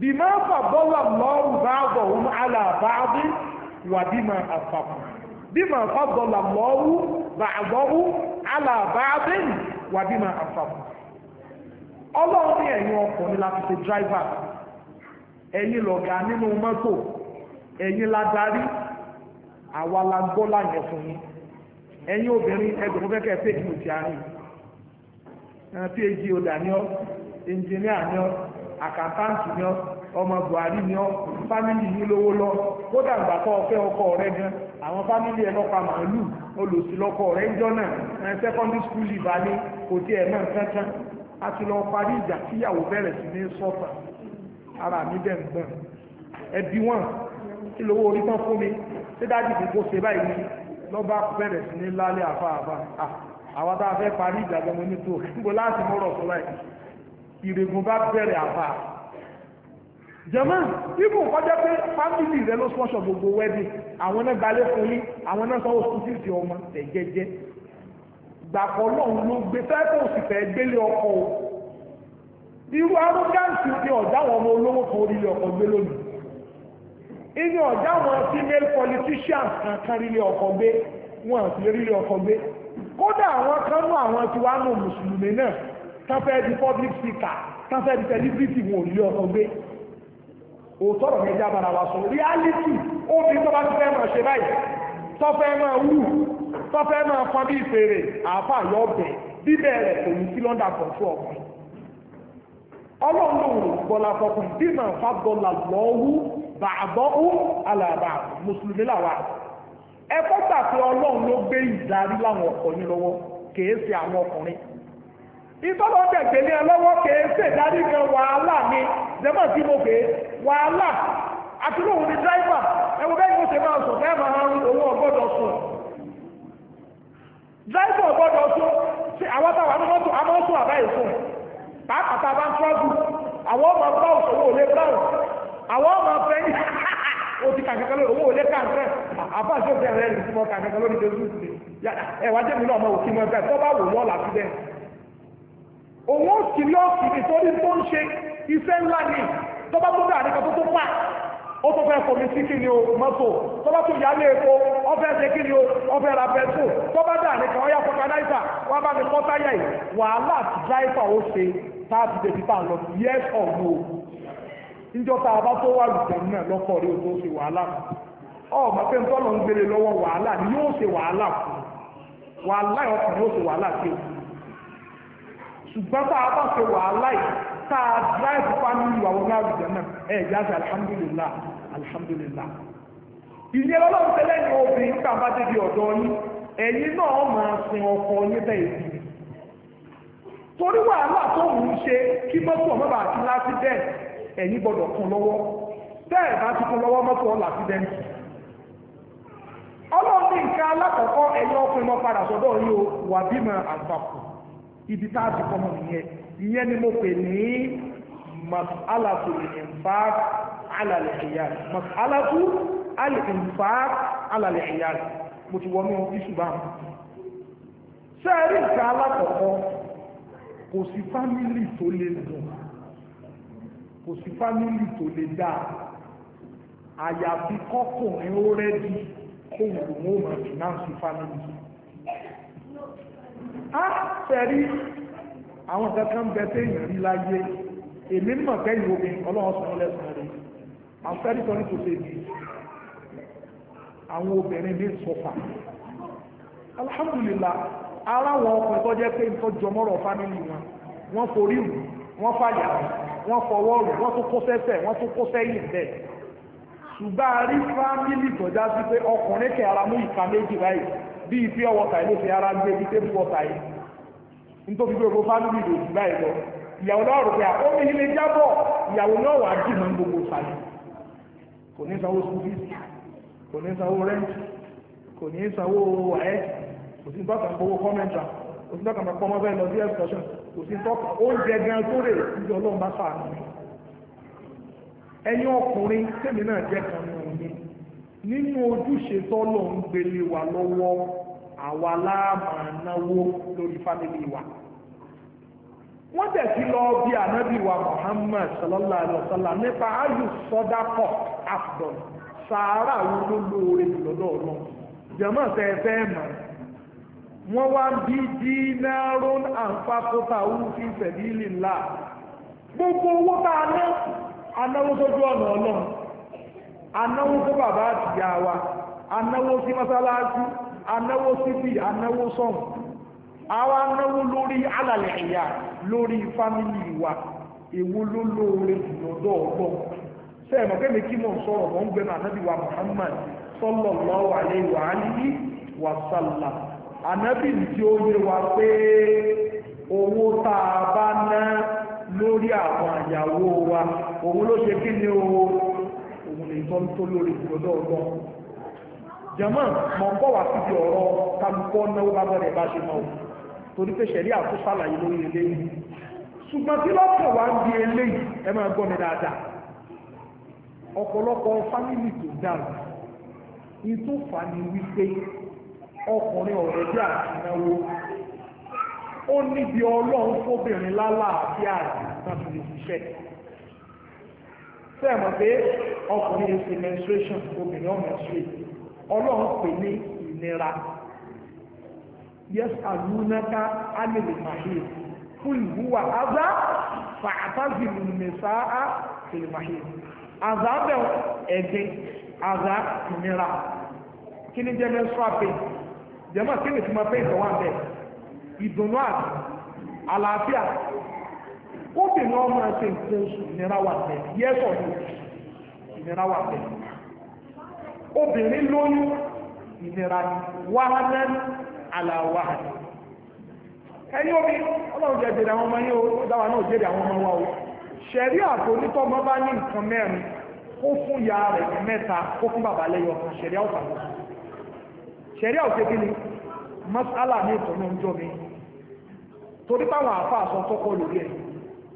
bí máa fà bọ́lá lọ́rùn bá bọ̀ wọn aláàbá bí wà bí máa àfàkùn bí máa fà bọ́lá lọ́rùn bàbọ́wú alábàábẹ́yìn wà bí máa àfàbù ọlọ́run ní ẹ̀yin ọkọ̀ ni láti ṣe dráìvà ẹ̀yin lọ̀gá nínú mọ́tò ẹ̀yin ládarí àwa la gbọ́ láyẹ̀ fún yín ẹ̀yin obìnrin ẹgbẹ̀rún fẹ́kẹ́ fẹ́kì mùtì àárín phd ọ̀dà ni ọ́ ẹnjìníà ni ọ́ àkàtàǹtì ni ọ́ ọmọ buhari ni ọ́ fámìlì yìí lówó lọ kódà ìgbà tó ọfẹ́ ọkọ rẹ gan àwọn fámìlì ẹ̀ lọ́pàá màálù olùsílọ́kọ rẹ̀ ń jọ́nà secondary school ìbá ní kò tí ẹ̀ náà kankan a ti lọ parí ìjà tíyàwó bẹ̀rẹ̀ sí ní sọ́fà ara mi bẹ̀ ń gbọ̀n ẹbí wọn kí lówó orí tán fún mi ṣé dájú kò kó ṣe báyìí ni lọ́ba bẹ̀rẹ̀ sí ní lálẹ́ àfáàfá àwọn tá a fẹ́ parí ìjà gan mo ní tó gbọ́ láti mọ́rọ̀ sọ́ra ìrègùn bá jẹ̀mọ́ ibù kọjá pé fámìlì rẹ ló sponsor gbogbo wedding àwọn náà gbalẹ̀ fún yín àwọn náà sanwó sùn sí ìsìn ọmọ tẹ̀ jẹ́jẹ́ gbàpọ̀ náà ló gbé sẹ́kọ̀ òsì fẹ́ gbélé ọkọ̀ o irú arúgáǹsì ni ọ̀dá àwọn ọmọ olówó kan orílẹ̀ ọkọ̀ gbé lónìí inú ọ̀dá àwọn female politicians kan kan rílẹ̀ ọkọ̀ gbé wọn àti rílẹ̀ ọkọ̀ gbé kódà àwọn kan nú àwọn tí wàá nù mùsùlùmí náà tán fẹ́ di public speaker tán fẹ́ di celebrity wọn ò rílẹ̀ ọkọ̀ gbé òtọ́rọ̀ mẹ́já bára wa sọ reality ó fi tọ́ bá ti fẹ́ máa ṣe báyìí tọ́fẹ́ máa wù tọ́fẹ́ máa fọn bí ìfèrè àáfà yọ ọbẹ̀ bíbẹ̀ rẹ̀ kò ní sí lọ́ndà pọ̀tù ọ̀gbìn ọlọ́run lòun bọ́lá fọkùn bí màá fa bọ́lá lọ́wọ́ bàbọ́ ó alàbà mùsùlùmí làwà ẹ kọ́ gbà pé ọlọ́run ló gbé ìdarí láwọn ọkọ̀ yín lọ́wọ́ kèé ṣe àwọn ọkùnrin ìtọ́lọ́ tẹ̀gbẹ́ ní ọlọ́wọ́ kèé ṣèdarí kan wàhálà mi tí mo wàhálà àtúnlòwò ni dráìvà ẹ̀wọ̀n bẹ́ẹ̀ ni ṣe máa bẹ́ẹ̀ máa ń owó dráìvà àwọn táwọn àbáyé pàápàá tá a bá ń tọ́jú àwọn ọmọ báwùs owó òlé báwùs àwọn ọmọ ti kà kankan lórí owó rẹ̀ ti mọ kankan lórí náà ọmọ òkè òun ó sì lọ sí ìtorí tó ń ṣe iṣẹ́ ńlá ni tọ́ba tó dà nípa tó tó pa ó tó fẹ́ fòmí sí kí ni o mọ́tò tọ́ba tó yá lé epo ọfẹ́ ṣe kí ni o ọfẹ́ ra pẹ̀tù tọ́ba dà nípa ọyá fọkànáìsà wà bá mi kọ́tà yẹ̀ wàhálà àti dráìfà ó ṣe táàbì débi tá lọ yes or no níjọ́ tá a bá tó wà lùtẹ̀ náà lọ́kọ̀ rí o tó ṣe wàhálà ọmọ pé ń tọ́lọ̀ ń gbélé lọ́wọ́ wàhálà ni yóò ṣe wàhálà fún wàhálà ọkùnrin yóò ṣe wàhálà sí òkú ṣùgbọ́n tá a bá ṣe wàhálà yìí tá a drive family àwọn náà ẹ ẹ jáde alhamdulillah alhamdulillah. ìyẹn tẹ́lẹ̀ ni obìnrin bá débi ọ̀dọ́ yín ẹ̀yin náà máa sin ọkọ yín bẹ́ẹ̀ bí. torí wàhálà tó ń ṣe kí mọ́tò ọmọ bá ti láti ẹ̀yin lọ́wọ́ bẹ́ẹ̀ bá ti lọ́wọ́ mọ́tò ọ̀là ti ibi tá a ti kọ́ mọ́ nìyẹn ìyẹn ni mo pè ní masalatu al-infaq ala al-iyal masalatu al-infaq ala al-iyal mo ti wọnú iṣu bá mi sẹ́ẹ̀rí nǹkan alákọ̀ọ́kọ́ kò sí fámìlì tó lè dùn kò sí fámìlì tó lè dáa àyàfi kọ́kùnrin ó rẹ́dí kóhùn lòun ó mọ̀ fìnáǹsì fámìlì á sẹ̀rí àwọn kankan bẹ téèyàn rí láyé èmi mọ̀ kẹ́yìn omi ọlọ́run sọ lẹ́sùn rẹ̀ I'm very sorry to say this àwọn obìnrin ní sọ́fà alhamdulillah ara wọn ọkùnrin tó jẹ́ pé nǹkan jọmọ́rọ̀ fámìlì wọn wọ́n forí rù wọ́n fàyà wọ́n fọwọ́ rù wọ́n tún kó sẹ́sẹ̀ wọ́n tún kó sẹ́yìn bẹ́ẹ̀ ṣùgbọ́n a rí fámìlì tọ́já sí pé ọkùnrin kẹ̀ ara mú ìka méjì báyìí bí ife ọwọ́ tàyí ló fi ara gbé bí tébù wọ tàyí nítorí gbogbo fámìlì rẹ̀ jù báyìí lọ ìyàwó náà rò pé àkómi ah, ilé jábọ̀ ìyàwó náà wà jù mọ́ gbogbo tàyí kò ní sanwó sùn fíìsì kò ní sanwó rẹ́ǹtì kò ní sanwó àyẹ́sì kò sí tọ́ka gbowó kọ́mẹ́ntà kò sí tọ́ka pọ́nmọ́ bẹ́ẹ̀ lọ sí ẹ̀sìkọ́ṣọ̀n kò sí tọ́ka oúnjẹ gan tó rè ọlọ́run bá sàánú ẹ̀yin ọkùnrin tèmi náà jẹ́ kan nínú ojúṣe tọ́lọ́ ń gbélé wa lọ́wọ́ àwa láàmà náwó lórí fámìlì wa wọ́n dẹ̀ ti lọ bí ànábì wa Muhammad sallallahu alayhi wa sallam nípa ayù sọ́dá pọ̀ afdol sàárà wo ló lóore lọ́dọ̀ ọ̀nà jẹ̀mọ́ tẹ fẹ́ mọ̀ wọ́n wá ń bí dínárún àǹfàkóta ńlá gbogbo owó a ná anáwó ọ̀nà wa anáwó anáwó síbí anáwó sọ́hùn àwa anáwó lórí alàlẹ̀ ẹ̀yà lórí fámìlì wa èwo ló lóore lọ́dọ̀ ọgbọ́n sẹ́ẹ̀mọ̀ pé mi kí mò ń mọ́ ń gbẹ́nu ànábì wa Muhammad sallallahu alaihi wa alihi wa sallam ànábì tí ó yé wa pé owó tá a bá ná lórí àwọn ìyàwó wa òun ló ṣe kí ni o òun lè tọ́ lórí ìgbọ́dọ̀ ọgbọ́n jẹ̀mọ́ mọ̀ ń bọ̀ wá síbi ọ̀rọ̀ kálukọ́ náwó bá bẹ̀rẹ̀ bá ṣe mọ́ o torí pé ṣẹ̀rí àtún sàlàyé lórí eléyìí ṣùgbọ́n tí lọ́pọ̀ wá ń di eléyìí ẹ máa gbọ́ mi dáadáa ọ̀pọ̀lọpọ̀ fámìlì tó dára ní tó fà ní wípé ọkùnrin ọ̀rẹ́ bí àtúnáwó ó níbi ọlọ́run fóbìnrin lálàáfíà láti lè ṣiṣẹ́ sẹ́ẹ̀mọ̀ pé ọkùnrin ṣe menstruation obìnrin ọ̀mọ̀ ṣe ọlọ́run pè ní ìnira yes alunaka alèlè màhí fún ìwúwà azá fàtàzì nìsáà fèlè màhí azá bẹ̀ ẹ̀gbin azá ìnira kí ni jẹ́ menstrual pain jẹ́mọ̀ kí ni tí mo pain tó wà bẹ́ẹ̀ ìdùnnú àti àlàáfíà kóbìnrin ọmọ ẹsẹ̀ nǹkan oṣù ìnira wà bẹ́ẹ̀ yẹ́sọ̀ ìnira wà bẹ́ẹ̀ obìnrin lóyún ìnira wáhánẹ́ aláwáhánẹ́ ẹ̀yìn omi ọlọ́run jẹ́ jẹ́rẹ̀ àwọn ọmọ yìí ó dáwà náà jẹ́rẹ̀ àwọn ọmọ wa o ṣẹ̀rí àtò onítọ́mọ bá ní nǹkan mẹ́rin kó fún ya rẹ̀ ní mẹ́ta kó fún bàbá lẹ́yọ kan ṣẹ̀rí àwọn ọ̀sán ṣẹ̀rí àwọn ṣe kí ni masala ní ìtọ́nà ń jọ mi torí táwọn àfa àsọ tọkọ lórí ẹ̀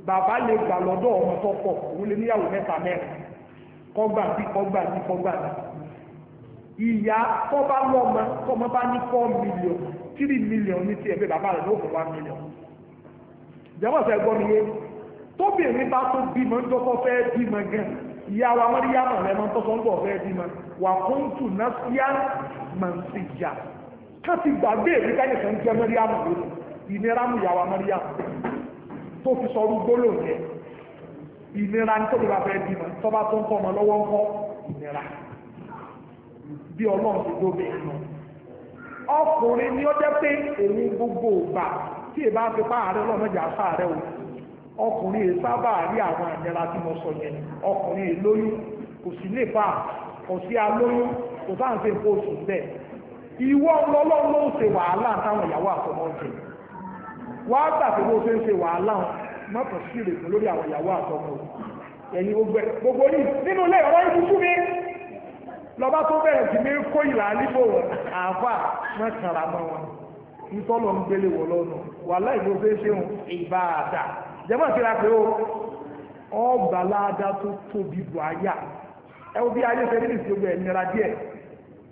bàbá lè gbà lọ́dọ̀ ọmọ tọkọ òun lè níyàwó mẹ́ta mẹ́rin kọ́gbà bí kọ́gbà bí kọ́gbà bí ìyá tó bá lọ́mọ tọ́mọ bá ní four million three million ní tiẹ̀ pé bàbá rẹ̀ ló fún one million ìjọba ọ̀sẹ̀ gbọ́ mi yé tóbìnrin bá tó bímọ ńdọ́kọ́ fẹ́ bímọ gan ìyá wa wọ́n rí yá mọ̀ lẹ́mọ́ tó tọ́ ń bọ̀ fẹ́ bímọ wà fún tù náà síá mà ń sì jà ká ti gbàgbé èmi káyọ̀ kan jẹ́ mẹ́rí àmọ̀ lónìí ìnira mú ìyá wa mẹ́rí àmọ̀ tó fi sọ ọdún gbólò yẹn ìnira ní tóbi bá fẹ́ bímọ tó bá tó ń kọ́ ọmọ lọ́wọ́ ńkọ́ ìnira bí ọlọ́run ti gbóbi ẹnu ọkùnrin ni ó jẹ́ pé èmi gbogbo ògbà tí èbá fi páàrẹ́ ọlọ́mọdé àpáàrẹ́ o ọkùnrin yìí sábà rí àwọn àjẹrà tí mo sọ yẹn ọkùnrin yìí lóyún kò sí lè fà kò sí alóyún kò sáà ń fi nǹkan oṣù bẹ́ẹ̀ ìwọ ọlọ́run ló ń ṣe wàhálà táwọn ìyàwó àtọmọ jẹ wàá gbàgbé bó ṣe ń ṣe wàhálà mọ́tò sí ìrètò lórí àwọn ìyàwó àtọmọ ẹ̀yin gbogbo nínú ilé ọ̀rọ̀ ibùsùn mi lọ́ba tó bẹ̀rẹ̀ sí ní kó ìlà àlíbò àáfà wọn kàrà mọ́ wọn ìtọ́lọ̀ ń gbélé wọ̀ lọ́nà wà láì ló fẹ́ ṣe ìbá àdá jẹ́mọ̀ sí ra pé ó ọgbà láadá tó tóbi bù àyà ẹ wo bí ayé ṣe nílùú sí gbogbo ẹ̀ nira díẹ̀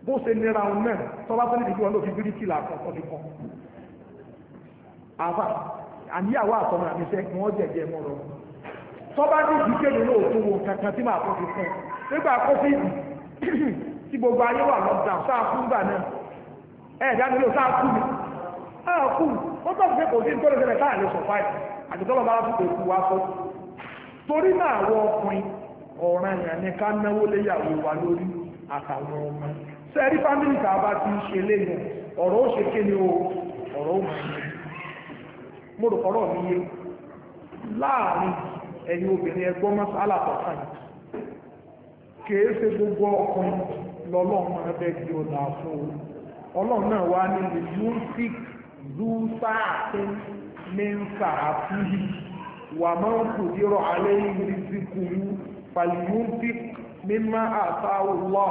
bó ṣe nira òun náà tọ́ba tó nídìí wọn ló fi bíríkì là kọ́ tọ́bi kan àfà àníyàwó àtọ́mọ àmì iṣẹ́ kí jẹ̀jẹ̀ mọ́ lọ tọ́ba ní ìdíkẹ́ mi náà tó wo kankan tí màá tí gbogbo ayé wà lockdown sáà kú gbà náà ẹ̀ẹ̀dá nílò sáà kú mi sáà kú ó tọ́ sí kò sí tó lè ṣẹlẹ̀ sáà sọ̀fà ẹ̀ sọ torí náà wọ ọkùnrin ọ̀ràn èèyàn ni ká náwó léyàwó wa a bá ti ṣe léyìn ọ̀rọ̀ o ọ̀rọ̀ ó mọ̀ ní mo rò kọ́rọ̀ mi yé láàrin ẹ̀yin obìnrin ẹgbọ́n mọ́sálà yìí keese gbogbo ọkụ lọ́lọ́run máa bẹ́ kí o dà fún o ọlọ́run náà wá ní the music zúsáàtún ní sàáfíì wà máa ń kù dírọ̀ alẹ́ ìrìn sí kùrú pàlì music mímọ́ àtàwọ̀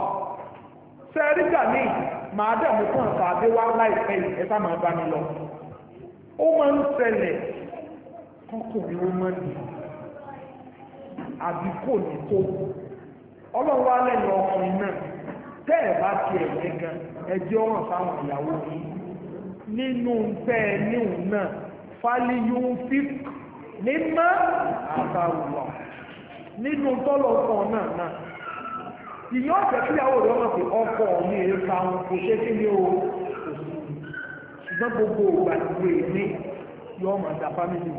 sẹ́rígà ní màá dẹ̀mú fún ọ̀sà bá mi lọ ó máa ń ọlọ́run wá lẹ́nu ọkùnrin náà tẹ́ ẹ̀ bá ti ẹ̀yẹ gan ẹjẹ́ ọ̀ràn sáwọn ìyàwó yìí nínú tẹ́ ẹ níhùn náà fáliyú fík mímọ́ àbáwùwà nínú tọ́lọ̀ kan náà náà ìyọ́ ọ̀sẹ̀ tíyàwó rẹ̀ ọmọ pé ọkọ mi èrè ka wọn kò ṣe kí ni o ṣùgbọ́n gbogbo ìgbà ìwé ní yọ ọmọ àgbà fámìlì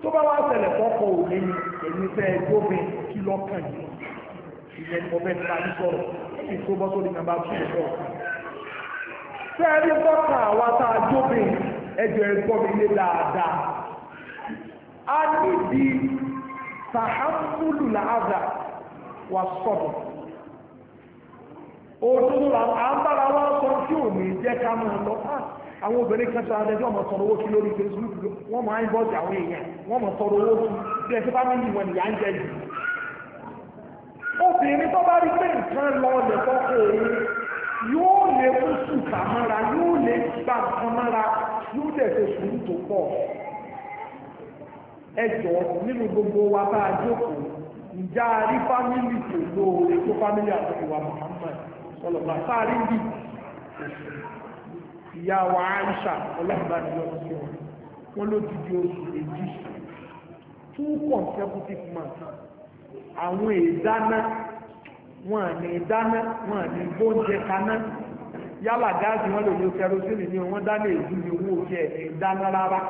tó bá wá ṣẹlẹ̀ fọ́kọ òní ẹ̀yìn fẹ́ ẹgbófin kí lọ́kàn yìí ìyẹn ni mo fẹ́ ta ní sọ̀rọ̀ kí n tó bọ́ sórí nàbà fún ìṣọ̀. sẹ́ẹ̀rí bọ́kà wa tá a jóbe ẹjọ́ mi lé dáadáa. a níbi sàhámúlù wà sọ̀rọ̀. la à ń bára wa sọ tí ò ní jẹ́ ká máa lọ ah, àwọn obìnrin kan sọ adẹ́jọ́ ọmọ tọrọ owó sí lórí Facebook wọ́n máa ń bọ́ọ̀dì àwọn èèyàn wọ́n obìnrin tó bá rí pé nǹkan lọ ọ̀lẹ̀ fọ́kọ̀ òun yóò lè mú sùkà mọ́ra yóò lè gba nǹkan mọ́ra yóò dẹ̀ ṣe sùúrù tó pọ̀ ẹ jọ̀ọ́ nínú gbogbo wa bá a jókòó ǹjẹ́ a rí fámìlì tó lóore tó fámìlì àtúntò wa Muhammad sọlọ́gbà sáárí bì ìyá wa Aisha ọlọ́gbà ni wọ́n ti wọ́n ló ti di oṣù méjì two consecutive months àwọn èédáná wọn ní ìdáná wọn ní gbóúnjẹ kaná yálà gáàsì wọn lò ní kẹrosínì ni wọn dáná èdú ní owó oúnjẹ ìdáná rárá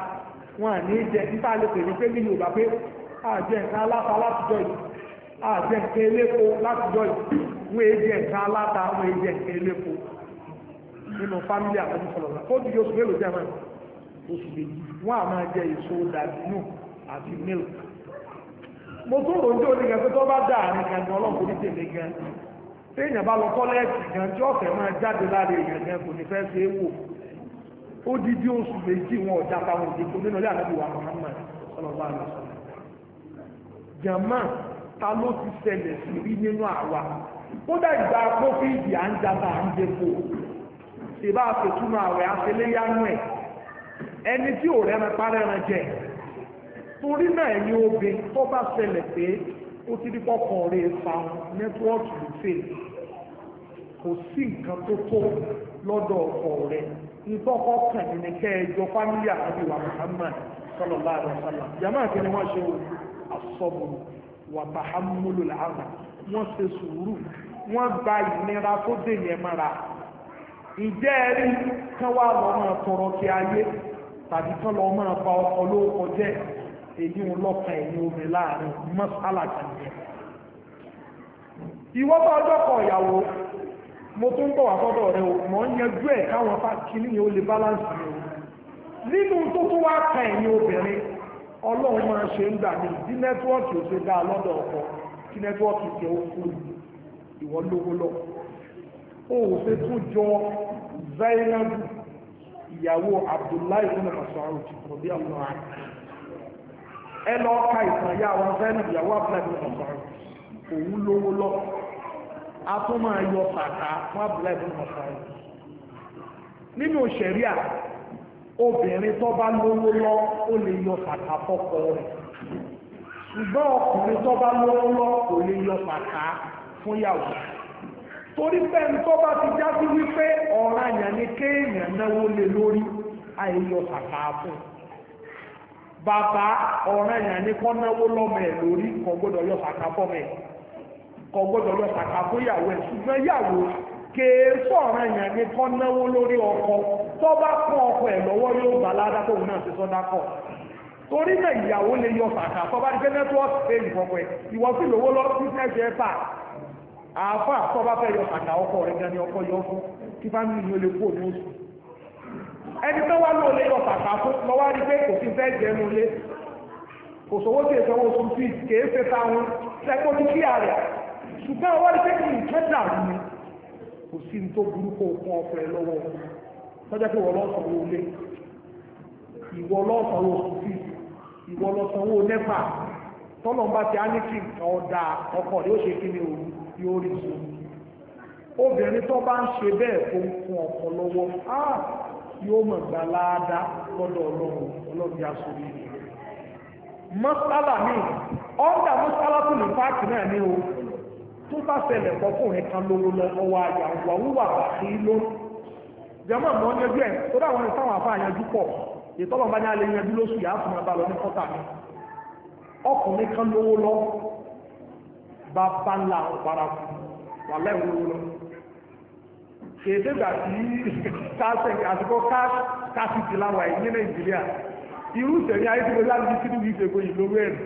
wọn ní jẹ nípa lè pè ní pé ní Yorùbá pé àjẹ nǹkan aláta látijọ́ yìí àjẹ nǹkan eléko látijọ́ yìí wọn èjẹ nǹkan aláta wọn èjẹ nǹkan eléko nínú fámílì àwọn ìfọlọ́lá ó ti di oṣù mélòó jẹ́ mọ́ oṣù méjì wọn à máa jẹ èso dàbínú àti mílìkì mo tó rò ojú bá dà àárín ní ní tèmi gan tí èèyàn bá lọ gan tí ọ̀fẹ́ máa jáde èèyàn gan kò ní fẹ́ ṣe é wò ó di méjì wọn ọ̀dà táwọn nínú ilé àdébí wa Muhammad ọlọ́ba àlọ́sọ̀rọ̀ jàmá ta ló ti ṣẹlẹ̀ sí rí nínú àwa kódà ìgbà kófíìdì à ń jaba torí náà ẹni obìnrin tó bá ṣẹlẹ̀ pé ó ti di kọ́kàn rẹ̀ fáwọn nẹ́tíwọ́ọ̀kì ló fè kò sí nǹkan tó tó lọ́dọ̀ ọkọ rẹ̀ ìtọ́kọ́ kàn ní ní ẹjọ́ fámílì àbíwá Muhammad sọlọ́lá rẹ̀ sálà jàmá àti ni wọ́n ṣe àsọ̀bùrù wà tọrọ kí ayé tàbí kán lóko èyí ń lọ́kàn ẹ̀yìn omi láàrin mọ́sálà kàníyàn ìwọ́n bá ọjọ́ kan ìyàwó mo tún bọ̀ wá sọ́dọ̀ rẹ o mọ̀ ń yanjú ẹ̀ káwọn fa kíní yẹn ó lè báláǹsì rẹ o nínú tó tún wá ka ẹ̀yìn obìnrin ọlọ́run máa ṣe ń gbà mí bí nẹ́tíwọ́ọ̀kì ò ṣe dáa lọ́dọ̀ ọkọ kí nẹ́tíwọ́ọ̀kì tiẹ̀ ó kú ìwọ lówó lọ o ò fẹ́ tún jọ Zainabu ìyàwó Abdullahi ibn Mas'ud rọ̀bí àwọn àti ẹ lọ ka ìtàn ìyá wa fẹ́ẹ́ ìyàwó abúlé ọ̀sán òun lówó lọ a tún máa yọ bàtà fún abúlé ọ̀sán nínú ṣẹ̀ríà obìnrin tó bá lówó lọ ó lè yọ bàtà fọ́kọ rẹ̀ ṣùgbọ́n ọkùnrin tó bá lówó lọ kò lè yọ bàtà fún yàwó torí bẹ́ẹ̀ tó bá ti já sí wípé ọ̀ranyàn ni kéèyàn náwó lé lórí àìyọ bàtà fún un bàbá ọ̀ràn èèyàn ní kọ́ náwó lọ́mọ ẹ̀ lórí kò gbọ́dọ̀ yọ sàkà fọ́mọ ẹ̀ kò gbọ́dọ̀ yọ sàkà fún ìyàwó ẹ̀ ṣùgbọ́n ìyàwó kèésọ̀ ọ̀ràn èèyàn ní kọ́ náwó lórí ọkọ tó bá kọ́ ọkọ ẹ̀ lọ́wọ́ yóò gbà ládá tóun náà ti sọ́dá kọ̀ torí náà ìyàwó lè yọ sàkà tó bá dé nẹ́tíwọ́ọ̀sì pé ìfọ̀kọ̀ ẹ̀ ìwọ sí lówó lọ bísínẹ́sì ẹ̀ fà àáfà tó bá fẹ́ yọ sàkà ọkọ rẹ̀ gan ni ọkọ yọ fún kí fámìlì yóò lè kó òun oṣù ẹni tó wá lóòlé lọ tàkà fún lọ́wọ́ rí pé kò sí fẹ́ jẹnu lé kò sówó tí èso owó sùn sí kèé ṣe táwọn lẹ́kọ́ ní kíá rẹ̀ ṣùgbọ́n ọwọ́ rí pé kì í fẹ́ dàrú ni kò sí ní tó burú kó kún ọkọ̀ ẹ̀ lọ́wọ́ lọ́jọ́ pé wọ́n lọ́sàn owó lé ìwọ lọ́sàn owó sùn sí ìwọ lọ́sàn owó nẹ́fà tọ́lọ̀ bá ti á ní kí nǹkan ọ̀dà ọkọ̀ rẹ̀ ṣe kí ni òun yóò rí sùn obìnrin tó bá ń ṣe bẹ́ẹ̀ kó ọkọ̀ lọ́wọ́ ah! yóò mọ̀ gbà láàdá lọ́dọ̀ ọlọ́run ọlọ́run yá sórí rẹ̀ mọ́sálà míì ọ́ndà mọ́sálà tó lè páàkì náà ní o tó bá ṣẹlẹ̀ ọkùnrin kan lówó lọ ọwọ́ àyà wà wúwà sí ló jẹ́mọ̀ mọ́ ẹ̀ tó dáwọn afá pọ̀ bá ní alẹ́ lóṣù yà á fún lọ ní kọ́tà mi ọkùnrin kan lówó lọ bá bá ńlá wà kìí ṣègbà tí àsìkò káàsìtì láwà yìí ní nàìjíríà irú ìṣẹ̀lẹ̀ ayé tí mo láti fi síbi ìṣègùn yìí lówó ẹ̀rù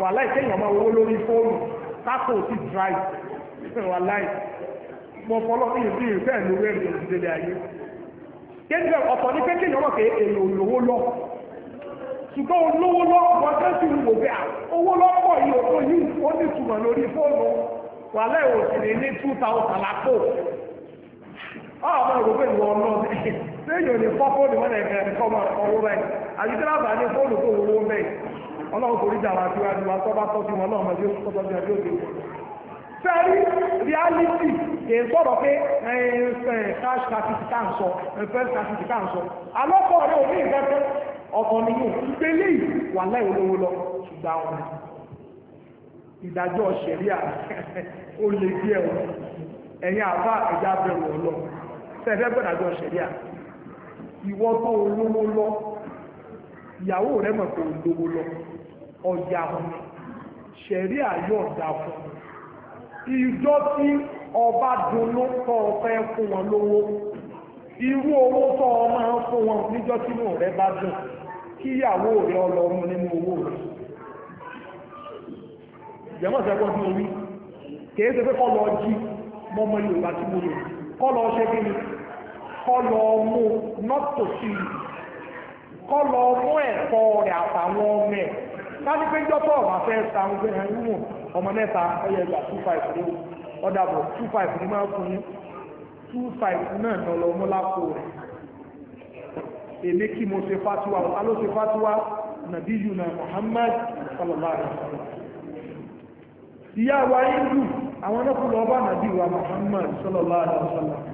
wà láì kéèyàn máa owó lórí fóònù tákò sí dry wà láì mo fọlọ́ ní ìdí ìfẹ́ lówó ẹ̀rù ìṣẹ̀lẹ̀ ayé kéèyàn ọ̀pọ̀ ní pé kéèyàn mọ̀ pé èèyàn olówó lọ ṣùgbọ́n olówó lọ́pọ̀ tẹ́sí wò pé ah, owó lọ́pọ̀ yìí ò tó yìí ó ní ìtumọ̀ lórí fóònù wà láì òsì ní two thousand lápò Ah, ọmọ òrùbẹ́ ìwọ ọlọ́ọ̀bẹ lẹ́yìn òní fọ́ fóònù wọn ẹ̀ka ẹ̀kọ́ ọmọ ọwọ́ rẹ̀ àdìsẹ́ lábà ní fóònù tó wọ́wọ́ ń bẹ̀ ọlọ́run kò rí jà wá síwájú wa tọ́ba tọ́ sí wọn náà mọ̀jú tọ́jọ́ bí ọjọ́ òde sẹ́rí reality kì í sọ̀rọ̀ pé ẹ̀ẹ́sẹ̀ cash capacity ká ń sọ ẹ̀fẹ́ capacity ká ń sọ alọ́kọ̀ rẹ̀ ò ní ìfẹ́fẹ́ ọ̀tọ̀ nìyẹn ìpele yìí wà láì olówó lọ ṣùgbọ́n àwọn ìdájọ́ ṣẹ̀ríà ó lè díẹ̀ ẹ̀yìn àbá ẹ̀já bẹ̀rù ọlọ́run fẹ́fẹ́ gbọ́dàjọ́ ṣẹ̀ríà ìwọ tó olówó lọ ìyàwó rẹ̀ mọ̀ pé olówó lọ ọjà fún ṣẹ̀ríà yóò dá fún ìjọ tí ọba dunú tó fẹ́ fún wọn lówó irú owó tó máa ń fún wọn níjọ́ tí mò rẹ bá dùn kíyàwó rẹ ọlọ́run nínú owó rẹ ìjẹ́mọ̀ sẹ́gbọ́n tí mo wí kèé ṣe pé kọ́ lọ jí mọ́mọ́ yorùbá tí mo lò kọ́ lọ ṣe kí ni kọlọ ọmú nọ́tòsí kọlọ ọmú ẹ̀kọ́ rẹ̀ àtàwọn ọmọ ẹ̀ láti pé jọ́tọ̀ ọ̀mà fẹ́ ta ọgbẹ́ ẹ̀rúnwò ọmọ mẹ́ta ọyẹ ìgbà 25 ló 25 ní máa 25 náà ní ọlọ́mú lápò rẹ̀ èmi kí mo ṣe fatiwa ọ̀tá ló ṣe fatiwa nàbí Muhammad sallallahu wa sallam ìyá wa àwọn ọlọ́kùnrin ọba nàbí wa Muhammad sallallahu wa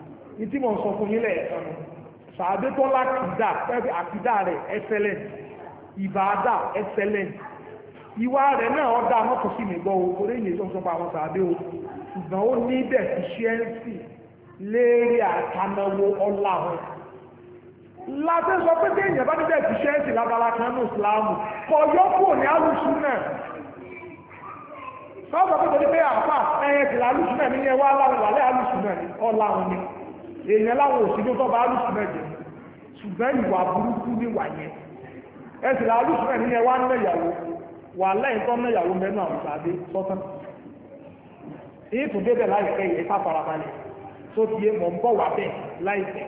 ní tí mo ń sọ fún yín lẹ́ẹ̀kan sàádé tó lákìdá pẹ́ẹ́bí àkìdá rẹ̀ excellent ìbáadà excellent ìwà rẹ̀ náà ọ̀dà mọ́tò sí mi gbọ́ o orí ìyẹn tó ń sọ pa àwọn sàádé o ṣùgbọ́n ó ní bẹ̀ fi ṣe ń sì léèrè àtànáwó ọ̀la wọn láti sọ pé bí èèyàn bá níbẹ̀ fi ṣe ń sì lábala kan ní ìsìláàmù kọ yọkù ní alùsùn náà sọ́ọ̀bù ọ̀pọ̀ tó ní pé àpá ẹ̀yẹ sì lálùsùn náà ní yẹn wá láwọn wàlẹ́ alùsùn náà ọ̀la èèyàn láwọn òṣèlú tó bá alùsùn mẹ́jọ ìwà burúkú ní yẹn wà lẹ́yìn tó nílẹ̀ mẹ́nu sọ́tàn láìpẹ́ yẹn ká farabalẹ̀ tó ń bọ̀ bẹ̀ láìpẹ́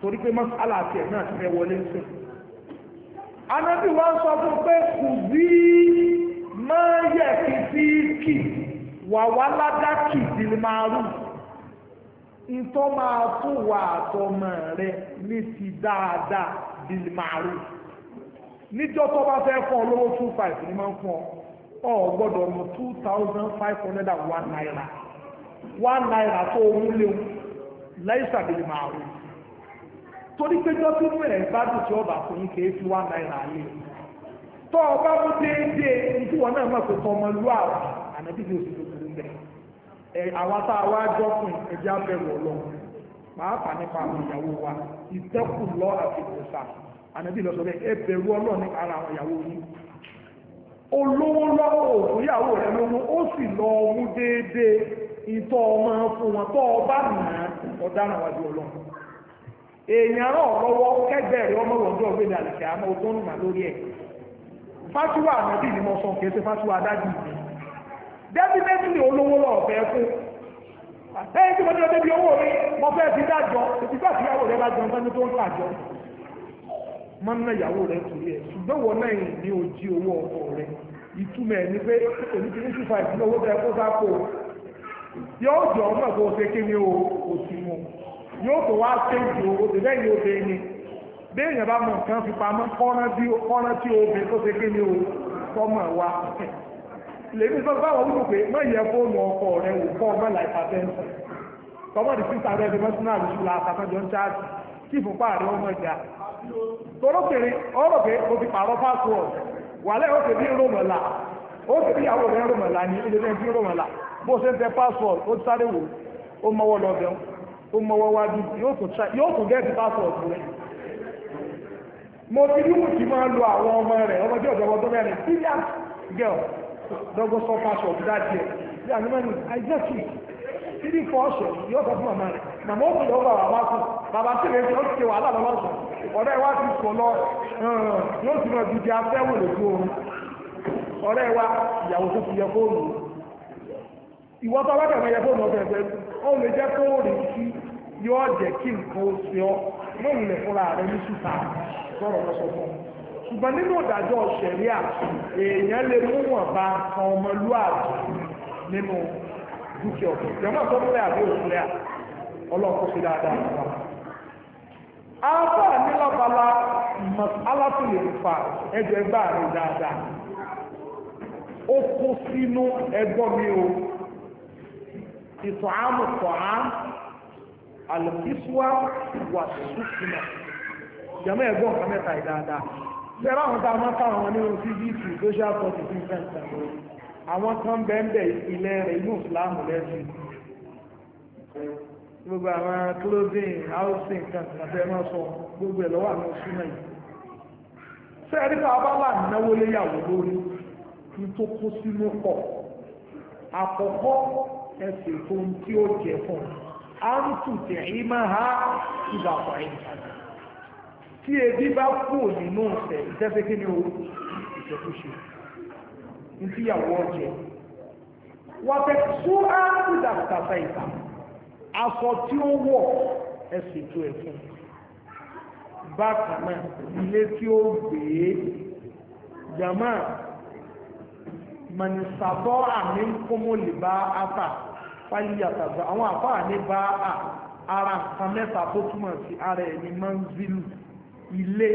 torí pé ẹ̀ náà ti fẹ́ wọlé anábì wá sọ fún pé kù bí máa yẹ sí kì ìtọ́ máa tún wà àtọmọ rẹ ní ti dáadáa bíi màálù níjọ́ tó bá fẹ́ fún ọ lówó two five ni máa ń fún ọ ọ gbọ́dọ̀ mú two thousand five hundred and one naira one naira tó owó léwu láìsà bíi màálù torí pé jọ́sí mẹ́rẹ̀ bá dùn tí ọba fún yín kìí fi one naira lé tọ́ ọ bá mú déédéé ìdíwọ̀n náà mọ̀ pé tọmọlúwà ànábìsí òṣèlú àwọn tá a wá jọ́kùn ẹ̀jẹ̀ abẹ́rù ọlọ́run pàápàá nípa àwọn ìyàwó wa ìtẹ́kù lọ àti ìpòsà ànábì lọ sọ pé ẹ bẹ̀rù ọlọ́run ní ara àwọn ìyàwó yìí olówó lọ́wọ́ òkú ìyàwó rẹ̀ lóhun ó sì lọ mú déédéé ìtọ́ ọmọ fún wọn tọ́ ọba nìyà ọ̀daràn wájú ọlọ́run èèyàn ràn lọ́wọ́ kẹgbẹ́ rẹ̀ ọmọ wọ̀ndọ́ ọ̀gbẹ́ni àlùkẹ́ àmọ́ ọdún nà lórí ẹ̀ fásiwá ànábì ni mo sọ kẹsẹ́ fásiwá adájú ìdí definitely olówó lọ ọ̀fẹ́ fún ẹ̀yìn tí mo ní ọdẹ bí owó mi mo fẹ́ fi dájọ́ ètò ìgbà ìyàwó rẹ bá tó ń ná ìyàwó rẹ ṣùgbọ́n wọn náà ní ojí owó ọkọ rẹ ìtumọ̀ ẹ̀ pé èmi ti ní owó tẹ kó o kí ni o yóò tó wá owó tẹ bẹ́ẹ̀ ni o wa lèmi sọ fún àwọn olùkọ́ pé má yẹ fóònù ọkọ rẹ wò kọ́ ọmọ ìlà hypertension kọ́mọ́ di sísá rẹ fi mọ́sánà àlùsù la àtàkànjọ ń ṣáàtì kí ìfúnpá rẹ ọmọ ìjà torókèrè ọ̀rọ̀ pé o ti pààrọ̀ password wàlẹ́ ó ti bí rómọ̀lá ó ti bí àwọn ọ̀rẹ́ rómọ̀lá ní ilé ní bí rómọ̀lá bó ṣe password ó ti sáré wò ó mọ́wọ́ lọ bẹ̀rù ó mọ́wọ́ wájú yóò tún gẹ́ẹ̀tì password rẹ̀ mo ti ní mú kí máa lo àwọn ọmọ rẹ̀ ọmọdé ọ̀dọ́ ọmọdé mẹ́rin serious girl don't go so far for that day bí àná mẹ́rin àìjẹ́ tù títí fọ́ ọ̀ṣẹ̀ yóò sọ fún màmá rẹ̀ màmá ó sì lọ́wọ́ bàbá kù bàbá sì lè ṣe ó ti ṣe wàhálà lọ́wọ́ sọ ọ̀rẹ́ wa ti sọ lọ yóò sì máa dìde afẹ́wò lójú oorun ọ̀rẹ́ wa ìyàwó tó fi yẹ fóònù ìwọ tó bá kẹ̀mọ́ yẹ fóònù ọ̀fẹ́ fẹ́ ó lè jẹ́ fóònù sí yóò jẹ́ kí nǹkan ó ṣe ọ́ lóhùn lè fúnra rẹ̀ ní ṣùtà sọ̀rọ̀ lọ́sọ̀ fún ọ ṣùgbọ́n nínú ìdájọ́ ṣẹ̀ríà èèyàn lè mú wọn bá kan ọmọlúwàbí nínú dúkìá ọ̀pọ̀ ìjọba tó múlẹ̀ àbí òṣèlú ọlọ́pọ̀ sí dáadáa nípa. àáfàá nílábala aláfìlè fa ẹjọ́ ẹgbà rẹ̀ dáadáa ó kó sínú ẹgbọ́n mi o ìtọ̀ àmùtọ̀ àmù àlùkísùwà wà sùsùnà jàmọ́ ẹ̀gbọ́n kan mẹ́ta ìdáadáa tẹ́rọ àwọn tá a máa ká àwọn onírun sí bíìtì social policy center àwọn kan bẹ́ẹ̀ ilẹ̀ rẹ̀ inú ìsìláàmù lẹ́sìn gbogbo àwọn clothing housing kan àti ẹ̀mọ́ sọ gbogbo ẹ̀ lọ́wọ́ àwọn oṣù náà ṣe ẹ̀rí kan bá wà náwó léyàwó lórí ní tó kó sínú pọ̀ àkọ́kọ́ ẹ̀sìn tó ń tí ó jẹ fún un á ń tù tẹ̀ ìmọ̀ ha ìgbà pọ̀ ẹ̀yìn tí ebi bá kú nínú ọ̀sẹ̀ ìtẹ́fẹ́ kí ni o ìṣẹ̀kúṣe ní tí ìyàwó ọ̀jẹ̀ wàtẹ̀ sún áàpùdà tàfẹ́ ìta aṣọ tí ó wọ̀ ẹ̀sìn tó ẹ̀ fún bákan náà ilé tí ó gbé jama mọ̀nìsàbọ́ àmì ń kúmọ̀ lè bá àtà fáyíyàtàgbà àwọn àfáà ní bá ara nǹkan mẹ́ta tó túmọ̀ sí ara ẹni máa ń zílù ilé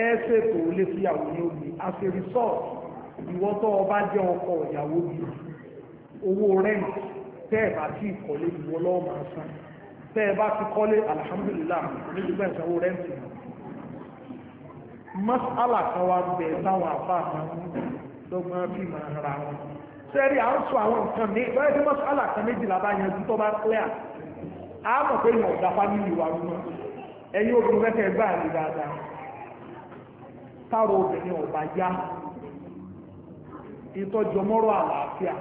ẹ́ẹ́sẹ̀tò lè fi àwọn ní omi as a result ìwọ́tọ́ ọba jẹ́ ọkọ ìyàwó bí owó rent tẹ́ẹ̀ bá ti ìkọ́lé ìwọ́ lọ́wọ́ máa san tẹ́ẹ̀ bá ti kọ́lé alhamdulillah onídùúgbà ìsanwó rent masala kan wá gbẹ táwọn àfa máa ń dọ́gbọ́n fi máa ń ra wọn sẹ́rí à ń sọ àwọn nǹkan ní báyẹ̀ tí masala kan méjìlá bá ẹ̀yin obìnrin fẹ́fẹ́ gbà ní dáadáa táwọn obìnrin ọ̀bá yá ìtọ́jú ọmọ́rọ̀ àlàáfíà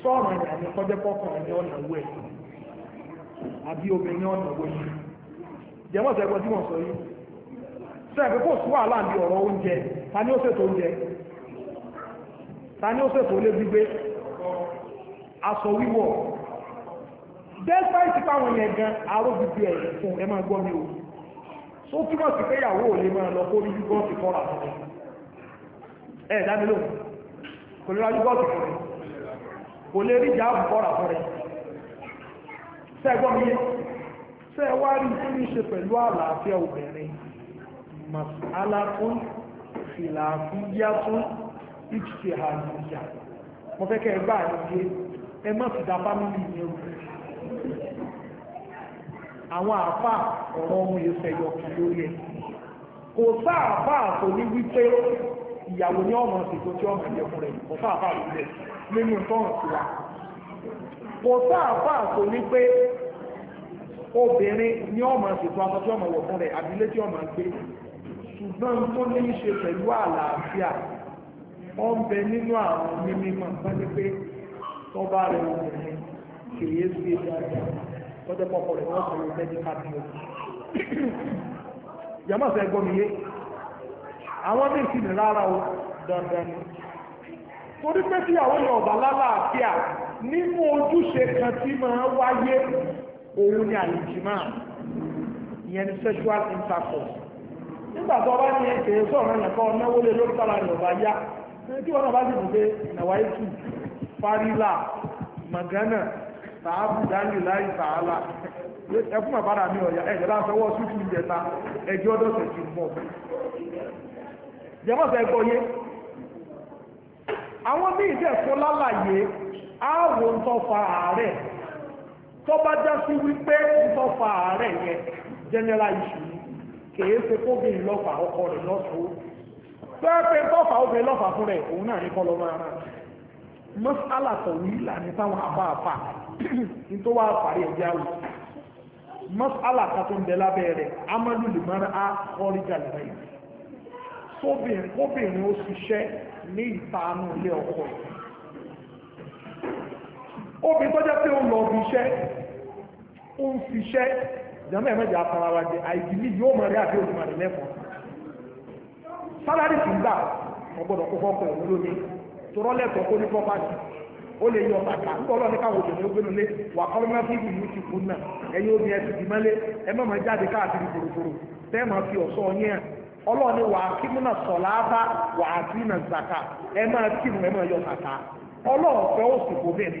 sọ́ọ̀rọ̀ ẹ̀yà ní kọjẹ́ pọ́kàn ní ọ̀nà owó ẹ̀ àbí obìnrin ọ̀nà owó yìí jẹ́mọ́ sẹ́gbọ́ tí wọ́n sọ yìí sẹ́ẹ̀kẹ́ kò sí wàhálà ní ọ̀rọ̀ oúnjẹ ta ni ó ṣètò oúnjẹ ta ni ó gbígbé Asọ despite ti fáwọn yẹn gan aró bíbí ẹ̀ fún ẹ máa gbọ́ mi o ó túbọ̀ sí pé ìyàwó ò lè máa lọ kó rí yúgọ́ọ̀tì fọ́ra ẹ̀ dámi lò kò lè ra yúgọ́ọ̀tì fún rẹ̀ kò lè rí ìjáàbù fọ́ra fún rẹ̀ sẹ́ gbọ́ mi yé sẹ́ wá rí tó ní ṣe pẹ̀lú àlàáfíà obìnrin màsálàkún ìlàáfíyàtún ìjìṣẹ́ àjíjà mo fẹ́ kẹ́ ẹ bá àyè ẹ má fi da fámìlì yẹn rú àwọn àfà ọ̀rọ̀ ohun ìṣẹ̀yọ kan lórí ẹ̀ kò sáàfà tó ní wípé ìyàwó ní ọ̀nà ìṣètò tí ọ̀nà ìyẹn fún rẹ̀ kò sáàfà tó lẹ̀ nínú tọ́hùn sí wa kò sáàfà tó ní pé obìnrin ní ọ̀nà ìṣètò aṣọ tí ọ̀nà wọ̀ fún rẹ̀ àbílé tí ọ̀nà gbé ṣùgbọ́n tó ní í ṣe pẹ̀lú àlàáfíà wọ́n bẹ nínú àwọn mímímọ̀ bá ní pé rẹ̀ obìnrin kì í ṣe dáadáa lọ́jọ́ pọ̀pọ̀ rẹ̀ wọ́n sọ̀rọ̀ medical bill yàmọ́ sọ ẹgbọ́n mi yé àwọn méjì ní rárá o dandan ni torí pé tí àwọn èèyàn ọ̀bà lálàáfíà nínú ojúṣe kan tí máa wáyé òun ni àlìjìmá ìyẹn ni sexual intercourse nígbà tó bá ní èkèrè sọ̀rọ̀ yẹn kọ́ náwó lé lórí sára rẹ̀ ọ̀bà yá tí wọ́n náà bá sì mú pé nàwáyé tù fárílà magana tààbù dání láì tààlà ẹkún àbára mi ọ̀yà ẹ̀jẹ̀ láṣọwọ́ súkú ìjẹta ẹjọ́ ọdọ́sẹ̀ ti mọ̀ jẹ́mọ́sẹ̀ gbọ́ yé àwọn míì dẹ̀ fún lálàyé ààrùn tó fa àárẹ̀ tó bá já sí wípé general issue kèé ṣe kó bí ìlọ́fà ọkọ rẹ̀ lọ́sọ̀ọ́ lọ́fà fún rẹ̀ òun náà ní kọ́ lọ́mọ ara rẹ̀ mọ́sálà tọ̀wí lànà táwọn àbá àfà ní tó wà parí ẹ̀jẹ̀ àwọ̀ mọ́sálà kan tó ń bẹ lábẹ́ rẹ̀ amadu limara a kọ́rí jàlẹ̀ yìí kóbìnrin ó o ní ìtaanú ilé ọkọ rẹ̀ obìnrin tó jẹ́ pé ó lọ bí iṣẹ́ ó ń fiṣẹ́ ìjàmbá ẹ̀mẹ́jẹ̀ afarawa jẹ àìdílé yóò mọ̀ rí àbí òdìmọ̀ rẹ̀ lẹ́kọ̀ọ́ sálárì tó ń gbà ọgbọ́dọ̀ kó fọ́pọ̀ òun lónìí torọ́ lẹ́tọ̀ọ́ kó ní pọ́pátì ó lè yọ bàtà ń tọ́lọ́ ní káwọn òṣèlú ó gbénu lé wà kọ́lọ́mọ́ sí ìlú ti kú náà ẹ̀yin obìnrin ẹ̀sìn ti mọ́lé ẹ má máa jáde káàkiri gbòrògbòrò máa fi ọlọ́ọ̀ni wà á kí sọ̀lá bá wà á sí zàkà ẹ kí ẹ yọ bàtà ọlọ́ọ̀fẹ́ ó sì kó bẹ́ẹ̀ ni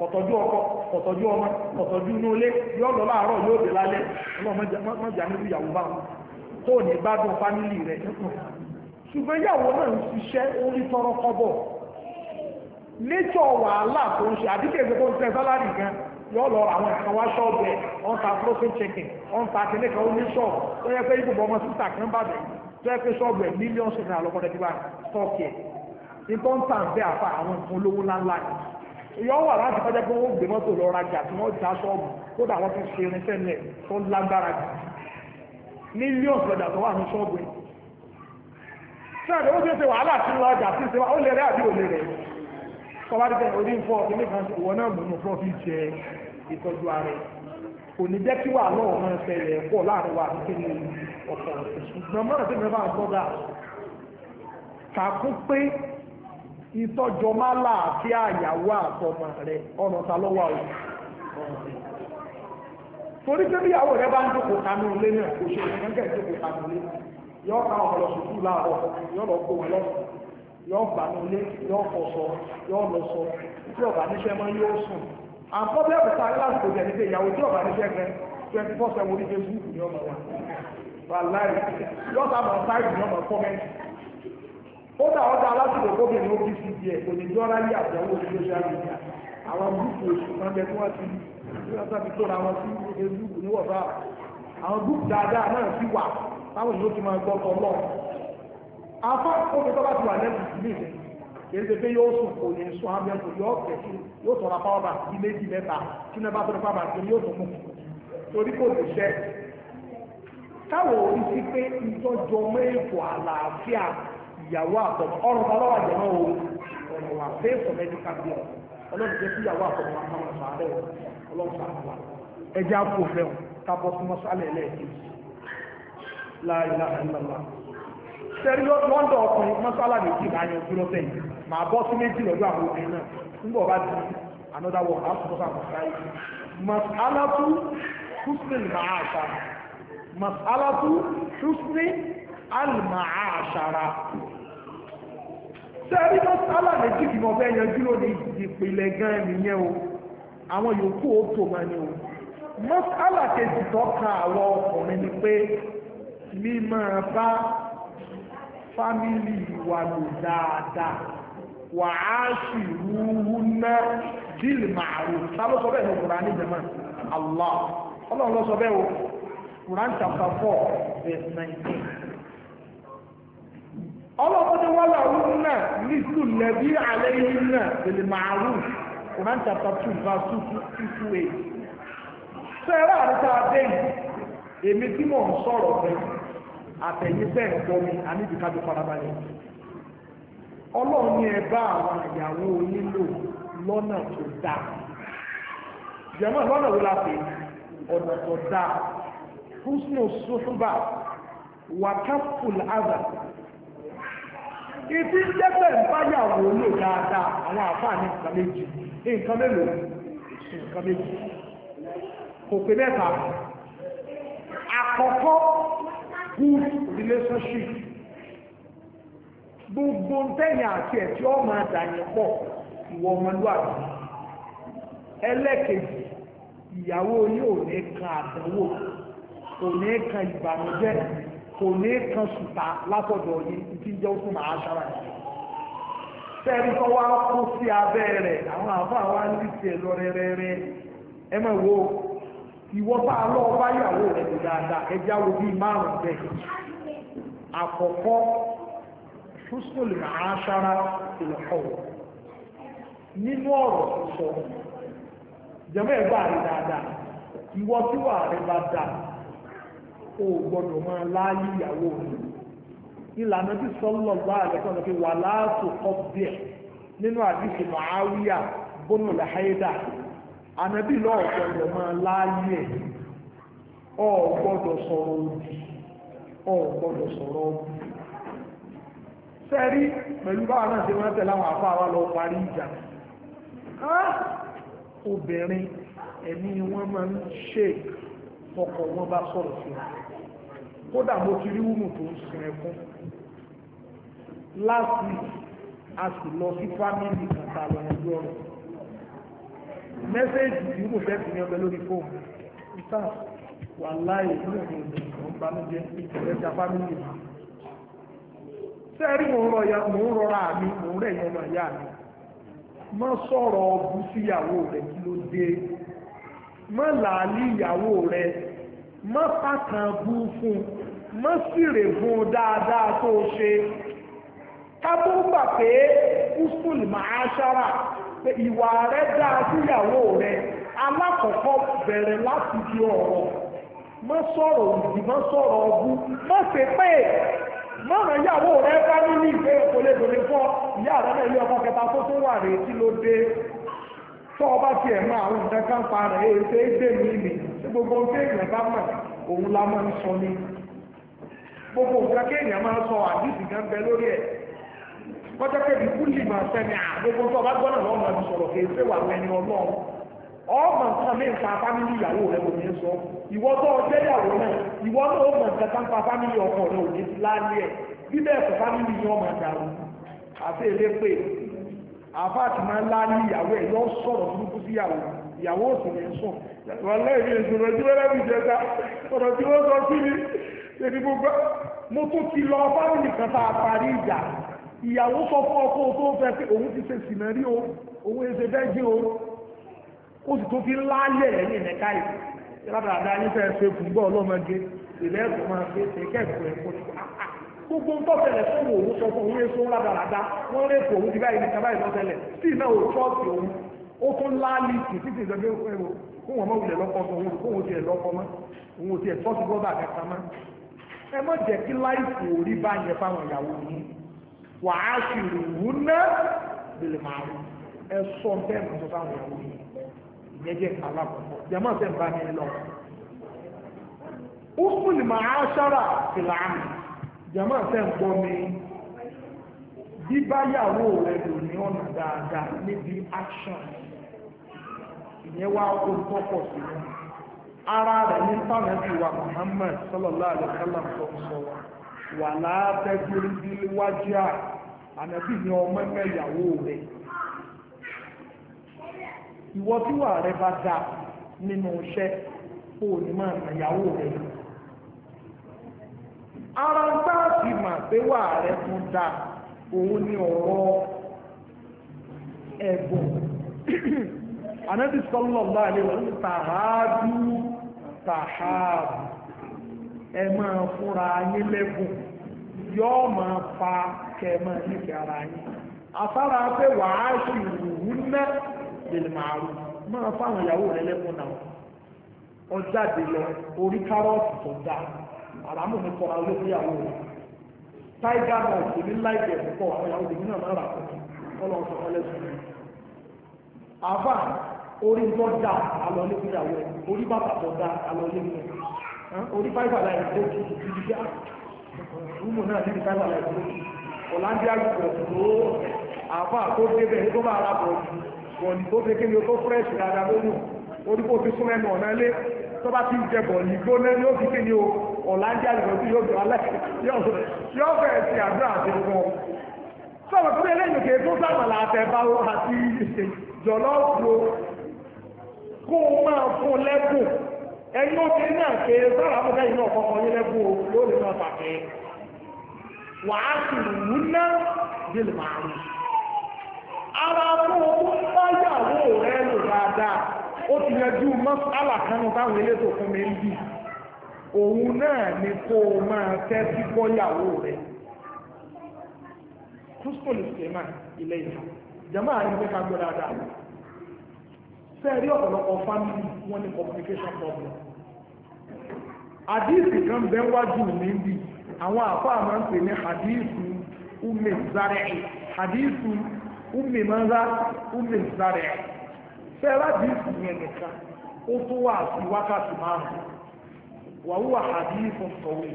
kọ̀tọ̀jú ọkọ kọ̀tọ̀jú ọmọ kọ̀tọ̀jú inú ilé yóò lọ láàárọ̀ yóò dé lálẹ́ ọlọ́mọjà nínú ìyàwó bá wọn tó ní gbádùn fámílì rẹ̀ ṣùgbọ́n ìyàwó náà ń ṣiṣẹ́ orí tọrọ kọ́bọ̀ lẹ́tọ̀ wàhálà tó ń ṣe àdíkẹ́ ìgbẹ́ tó ń tẹ sálárì gan yóò lọ àwọn ìkan wá ṣọ́ọ̀bù ẹ̀ ọ̀n ta protein chicken ọ̀n ta kìnìkan ó ní ṣọ́ọ̀bù tó yẹ pé ibùbọ̀ ọmọ sísà kan bàbẹ̀ tó yẹ pé ṣọ́ọ̀bù ẹ̀ mílíọ̀nù ṣẹ̀dá lọ́kọ̀ọ́dẹ́gbà tọ́ọ̀kì ẹ̀ ní tó ń bẹ́ àfa àwọn nǹkan olówó ńláńlá yọ wà láti fẹ́ jẹ́ pé wọ́n gbé mọ́tò lọ rajà tí wọ́n já sọ́ọ̀bù tó dà wọ́n ti ṣe irinṣẹ́ ilẹ̀ tó lágbára jù mílíọ̀nù lọ́jà tó wà ní sọ́ọ̀bù yìí sẹ́ẹ̀dẹ̀ ó ṣe ṣe wàhálà sí lọ́jà sí ṣe ó lè rẹ́ àbí ò lè rẹ̀ tọ́wá dídẹ orí ń fọ́ ilé kan sí ìwọ náà múnú prọ́fì jẹ ìtọ́jú ààrẹ kò ní jẹ́ kí wàhálà ọ̀hún ṣẹlẹ̀ pọ̀ láàrin wa àti kéde ọ̀pọ̀ ṣùgbọ́n ìtọ́jọ́ má láàfíà àyàwó àtọmọ rẹ ọ̀nà ta lọ́wọ́ àwọn torí pé bí rẹ bá ń jókòó kanú ilé náà kò ṣe kanú ilé yọ ká sùkú láàárọ̀ yọ lọ wọn lọ́sùn yọ gbà ní ilé yọ fọṣọ yọ lọ sọ tí ọba níṣẹ́ mọ́ yóò sùn àǹkọ́ bí ẹ̀bùta kíláàsì kò jẹ́ níbi ìyàwó tí ọba níṣẹ́ gan twenty four seven orí Facebook kódà ọ̀dà alásìkò gómìnà ó bí sí díẹ̀ kò ní jọ́ra yí àtẹ̀wò social media àwọn gúúpù oṣù kan bẹ tí wọ́n ti ní wọ́n sábì tó ra wọn sí facebook ní wọ̀fà àwọn gúúpù dáadáa náà sì wà táwọn ìlú ti máa gbọ́ tọ́ lọ. afọ́ omi tó bá ti wà lẹ́sùn sí mi kìí ṣe pé yóò sùn kò ní sùn abẹ́ kò yóò kẹ̀ sí yóò sọ̀rọ̀ pàwọ́bà sí méjì mẹ́ta tí wọ́n bá tọ́jú pàwọ́bà tó yóò sùn mú torí kò lè ṣẹ́ káwọ̀ orí sí pé ìtọ́jọ́ mẹ́ẹ̀kọ́ àlàáfíà ìyàwó àtọmọ ọrùn bá lọ́wọ́ o ọ̀rọ̀ wà for medical bill ọlọ́run jẹ́ kí ìyàwó àtọmọ máa máa ọlọ́run sọ ẹjẹ́ àpò fẹ́ o tábọ̀ fún mọ́sálẹ̀ ẹlẹ́ẹ̀kejì láìlá ẹ̀lọ́lá sẹ́rí lọ́ndọ̀ ọkùnrin sẹ́rí mọ́sálà méjì kì mọ́ fẹ́ yanjú lónìí ìpìlẹ̀ gan nìyẹn o àwọn yòókù ó tó máa ní o mọ́sálà kejì tọ́ka àwọn ọkùnrin ni pé mi máa bá fámìlì wa lò dáadáa wà á sì rúurú ná díìlì màrú ta ló sọ bẹ́ẹ̀ ní ọkùnrin àníjẹ̀mọ́ Allah ọlọ́run ló sọ bẹ́ẹ̀ o Quran chapter four verse nineteen. ọlọ́mọdé wà láwùú náà lísù lẹ́bí àlẹ́yìn náà lèlè màálù Quran chapter two verse two two two eight. sẹ́ẹ̀rẹ́ àdúgbò adé yìí èmi tí mò ń sọ̀rọ̀ bẹ́ẹ̀ àtẹ̀yìn bẹ́ẹ̀ gbọ́ mi àníbi ká farabalẹ̀. ọlọ́run ni ẹ bá àwọn ìyàwó yín lò lọ́nà tó dáa. jẹ́mọ̀ lọ́nà wo la pè ọ̀nà tó dáa. húsnù sùfúbà wàkàfùl àzà ìdí jẹ́pẹ̀ ń báyàwó lò dáadáa àwọn àfáà ní nǹkan méjì nǹkan mélòó nǹkan méjì kò pé mẹ́ta àkọ́kọ́ good relationship gbogbo ntẹ́yìn àti ẹ̀ tí ó pọ̀ ìwọ ọmọlúwàbí ẹlẹ́kejì ìyàwó yóò ní kan kò ní kan kò ní kan sùta látọ̀dọ̀ yìí tí jẹ́ oṣù máa ṣára yìí sẹ́ẹ̀rí tó wá kó sí abẹ́ rẹ̀ àwọn àfáà wá ní tiẹ̀ lọ rẹ́rẹ́rẹ́ ẹ mọ̀ wo ìwọ bá a lọ́ọ́ bá yàwó rẹ̀ lò dáadáa ẹja wo bíi márùn bẹ́ẹ̀ àkọ́kọ́ ṣùsùlù máa ṣára ìlọ́kọ̀wọ̀ nínú ọ̀rọ̀ sọ jẹ́mọ́ ẹ̀ bá rẹ̀ dáadáa ìwọ tí wà rẹ̀ bá dáa o gbọ́dọ̀ máa láàyè ìyàwó rẹ̀ ìlànà tí sọ́lọ̀ bá àlẹ́kọ̀ọ́ lọ fi wà láàtò ọ̀bẹ̀ nínú àdìsí màáwíyà bónú làháídà ànábì lọ́ọ̀ gbọ́dọ̀ máa láàyè ọ̀ gbọ́dọ̀ sọ̀rọ̀ òdì ọ̀ gbọ́dọ̀ sọ̀rọ̀ òdì sẹ́rí pẹ̀lú báwa náà ṣe wọ́n tẹ̀lé àwọn àfáà wa lọ parí ìjà obìnrin ẹ̀mí wọn máa ń ṣèkì tọkọ wọn bá sọ̀rọ̀ sí wọn kódà mo ti rí wúmù tó ń sin ẹkún last week a sì lọ sí fámìlì kan tá a lọ yanjú ọ̀rọ̀ mẹ́sẹ̀jì tí wúmù fẹ́ fi yan ọbẹ̀ lórí fóònù ìta wà láàyè nínú ìrìn ìrìn ọ̀n banújẹ́ ìjọba fámìlì mi sẹ́rí mò ń rọra mi mò ń rẹ̀yìn ọmọ ìyá mi mọ́ sọ̀rọ̀ ọbú síyàwó rẹ̀ kí ló dé má làálí ìyàwó rẹ má pàtàn bú fún má sírè fún dáadáa tó ṣe kábó gbà pé usul máa ṣára pé ìwà rẹ dáa síyàwó rẹ alákọ̀ọ́kọ́ bẹ̀rẹ̀ láti di ọ̀rọ̀ má sọ̀rọ̀ òdì má sọ̀rọ̀ ọbú má ṣe pé mọ́nà ìyàwó rẹ bá ní ní ìgbé kò lè dòní fún ìyá rẹ náà ilé ọkọ kẹta tó tún wà rèé tí ló dé tó ọba tiẹ̀ mọ àwọn nǹkan pa rẹ̀ èyí tó égbè mi gbogbo ohun èèyàn bá mọ̀ òun la máa ń sọ ni gbogbo nǹkan kéèyàn máa ń sọ àdìsí kan bẹ lórí ẹ̀ kọjá kẹbi kúlì máa sẹ́ni à gbogbo tó o gbọ́dọ̀ lọ́wọ́ máa fi sọ̀rọ̀ kì í ṣe wà lẹ́ni ọlọ́run ọmọ nǹkan mi nǹkan fámìlì ìyàwó rẹ kò ní sọ ìwọ tó ìyàwó náà ìwọ náà àfáà ti máa ń lá ní ìyàwó ẹ̀ yọ sọ̀rọ̀ burúkú sí ìyàwó ìyàwó òsì ní sùn wàlẹ́yìn ìṣòro tí wọ́n lẹ́bi ìjẹta ọ̀rọ̀ tí wọ́n sọ sí mi èdè gbogbo mo tún ti lọ fámìlì kan tá a parí ìjà ìyàwó sọ fún ọkọ tó fẹ́ pé òun ti ṣe sìnà rí o òun èsè bẹ́ẹ̀ jẹ́ o ó sì tún fi láàlẹ̀ ẹ̀yìn ẹ̀ka yìí ìlànà àdáyé fẹ́ ṣe fún gbogbo ń tọ́sẹ̀lẹ̀ fún òun òun sọ fún òun yéṣu ńlá dáradá wọ́n rẹ̀ fún òun ti báyìí nìkan báyìí lọ́sẹ̀lẹ̀ sí iná ò tọ́ọ̀sì òun ó tún láàlì kì í sì ìjọba ẹ̀rọ fún wọn mọ̀wulẹ̀ lọ́kọ́ sọ òun kóhun tiẹ̀ lọ́kọ́ mọ́ òun tiẹ̀ tọ́sí bọ́dà kẹta mọ́ ẹ má jẹ́ kí láìsí orí bá yẹn fáwọn ìyàwó yín wà á sì rùn ná bèlè màrú ẹ sọ bẹ́ẹ̀ mọ́ sọ fáwọn ìyàwó yín ìyẹn jẹ́ alákọ̀ọ́kọ́ jẹ́mọ́ sẹ́ ń bá mi lọ jama fẹ́ gbọ́ mi bíbáyàwó rẹ lò ní ọ̀nà dáadáa níbi action ìyẹn wá kó tọ́pọ̀ sí wọn ara rẹ̀ ní fàmẹ́tì wa Muhammad sallallahu alaihi wasallam tó ń sọ wa wà látẹ́gbẹ́rí bí wájú à ànàbí ni ọmọ ẹgbẹ́ ìyàwó rẹ̀ ìwọ tí bá dá nínú iṣẹ́ kó o ní máa rẹ̀ lọ ara ń tá àti mà pé wà rẹ tó da òun ni ọ̀rọ̀ ẹ̀bùn anabi sallallahu alaihi wa sallam tàhádú tàhábù ẹ máa fúnra yín lẹ́bùn yóò máa fa ara yín afárá pé wàá ṣì rùhún náà lè màrún máa fáwọn ìyàwó rẹ lẹ́bùn náà àràmù ní kọ́ra olóṣèlú rẹ̀ táìgá náà kò ní láìpẹ́ púpọ̀ àwọn ìyàwó tèmi náà máa rà fún ọlọ́run sọ fẹ́lẹ́ sùn àfà orí tó dá àlọ́ ní ìyàwó rẹ̀ orí bàbà tó dá àlọ́ ní ìyàwó orí fáìfà láì tó kì ti di rúmù náà ní fáìfà láì tó kì í ọ̀làndíà gbọ̀dọ̀ tó àfà tó débẹ̀ tó bá ara bọ̀ bọ̀ọ̀lì tó fẹ́ kéde tó fẹ́ẹ̀sì dáadáa lónìí orí kò fi súnmọ́ ẹnu ọ̀nà ilé tó bá ti jẹ bọ̀ọ̀lì gbóná ni ó fi kéde o ọ̀làjà ìrọ̀bí yóò dùn alẹ́ yóò fẹ́ ti àdúrà àti fún ọ. sọ̀rọ̀ pé eléyìí kì í tún sàmàlà àtẹ̀báwò àti jọ̀lọ́ọ̀fù kó o máa fún lẹ́kùn ẹni obìnrin náà pé sọ̀rọ̀ àbúkẹ́ yìí náà kọ́kọ́ yín lẹ́kùn o yóò lè máa pàṣẹ. wàá sì wù ná bílù màrún. ara fún o tó ń bá yàwó rẹ lò dáadáa ó ti yanjú mọ́ alákanú táwọn elétò fún mi ń òun náà ni kó o máa fẹ́ kíkọ́ yàwó rẹ̀ kústò lè ṣe máa ilé ìlú jama àyè fẹ́ ká gbọ́ dáadáa sẹ́ẹ̀rí ọ̀pọ̀lọpọ̀ wọn ni communication problem àdíìsì kan bẹ́ẹ̀ wájú mi bí àwọn àfáà máa ń pè ní àdíìsì zarẹ̀ zarẹ̀ yẹn wàhúwà àdífò sọ̀wé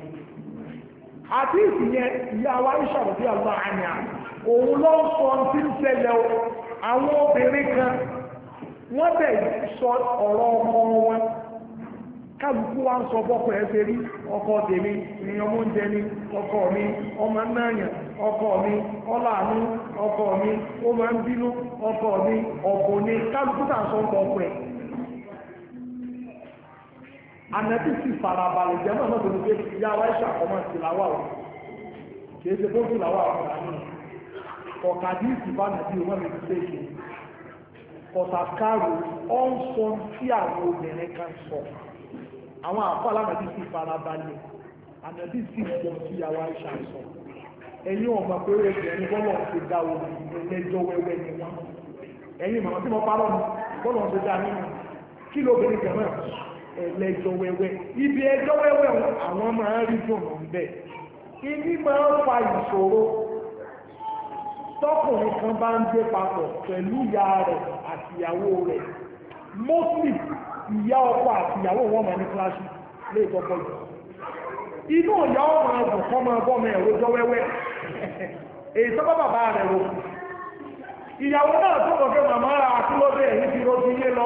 àdífì yẹn ìyá wa ìṣàròdí àlọ́ àmì òun ló ń sọ tí ń ṣẹlẹ̀ o àwọn obìnrin kan wọ́n bẹ̀ sọ ọ̀rọ̀ ọkọ wọn kálukú wa ń sọ bọ́kọ̀ ẹ ṣe rí ọkọ tèmi èèyàn mú ń jẹ ní ọkọ mi ọmọ náàyàn ọkọ mi ọláàánú ọkọ mi ó máa ń bínú ọkọ mi ọkọ ni kálukú tà sọ bọ́kọ̀ ẹ̀ ànàbí sì farabalẹ̀ jẹ́ mọ̀ mọ́tò nígbè ìyá wa ìṣà ọmọ ìsìláwà o kì í ṣe tó ìsìláwà ọ̀kadì ọ̀kadì ìsìláwà bí ọmọ mi ti ṣe ṣe kọ̀tàkárò ó ń sọ tí àwọn obìnrin kan sọ àwọn àfọ alánàbí sì farabalẹ̀ ànàbí sì sọ tí ìyá wa ìṣà sọ ẹ̀yin ọmọ pé obìnrin bọ́lọ̀ ti dá omi ẹlẹ́jọ́ wẹ́wẹ́ ni wọ́n ẹ̀yin màmá tí mo parọ́ mi bọ́lọ̀ ti dá nínú kí lóbìnrin kẹ̀mẹ́ ẹlẹ́jọ́ wẹ́wẹ́ ibi ẹjọ́ wẹ́wẹ́ àwọn máa ń rí dùnú bẹ́ẹ̀ ibi máa ń fa ìṣòro tọkùnrin kan bá ń gbé papọ̀ pẹ̀lú ìyá rẹ̀ àti rẹ̀ mostly ìyá ọkọ àti ìyàwó wọn máa ní kíláàsì lé ìtọ́pọ̀ jù inú ìyá ọmọ ọgbọ̀n kọ́ máa bọ́ ọmọ ẹ̀rọ jọ wẹ́wẹ́ èyí tọ́pọ̀ bàbá rẹ̀ wò ìyàwó náà tó kọ̀ọ̀kẹ́ màmá ra àkúlọ́dẹ̀ yìí ti rọ́ọ̀dì yé lọ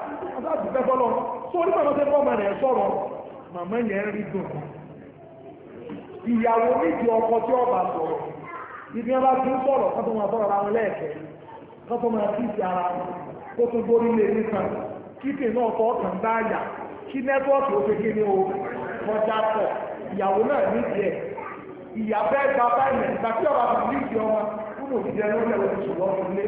aláàbò fẹ́ fọ́lọ́ so ní màmá tẹ́ fọ́ọ̀mà rẹ̀ sọ̀rọ̀ màmá yẹn rí dùn ìyàwó méjì ọkọ tí ọba sọ̀rọ̀ ibi wọn bá ti ń sọ̀rọ̀ kó tó máa sọ̀rọ̀ ara wọn lẹ́ẹ̀kẹ́ kó tó máa kí ti ara kó tó gbórí lé nìkan kíkì náà tọ́ ọ̀tàn bá yà kí nẹ́tíwọ́ọ̀kì ó fi kí ni o kọjá pọ̀ ìyàwó náà ní tiẹ̀ ìyàbẹ́ gba báyìí ìgbà tí ọba ti ní ìdí ọmọ kúrò ìdí ẹni ó lẹ̀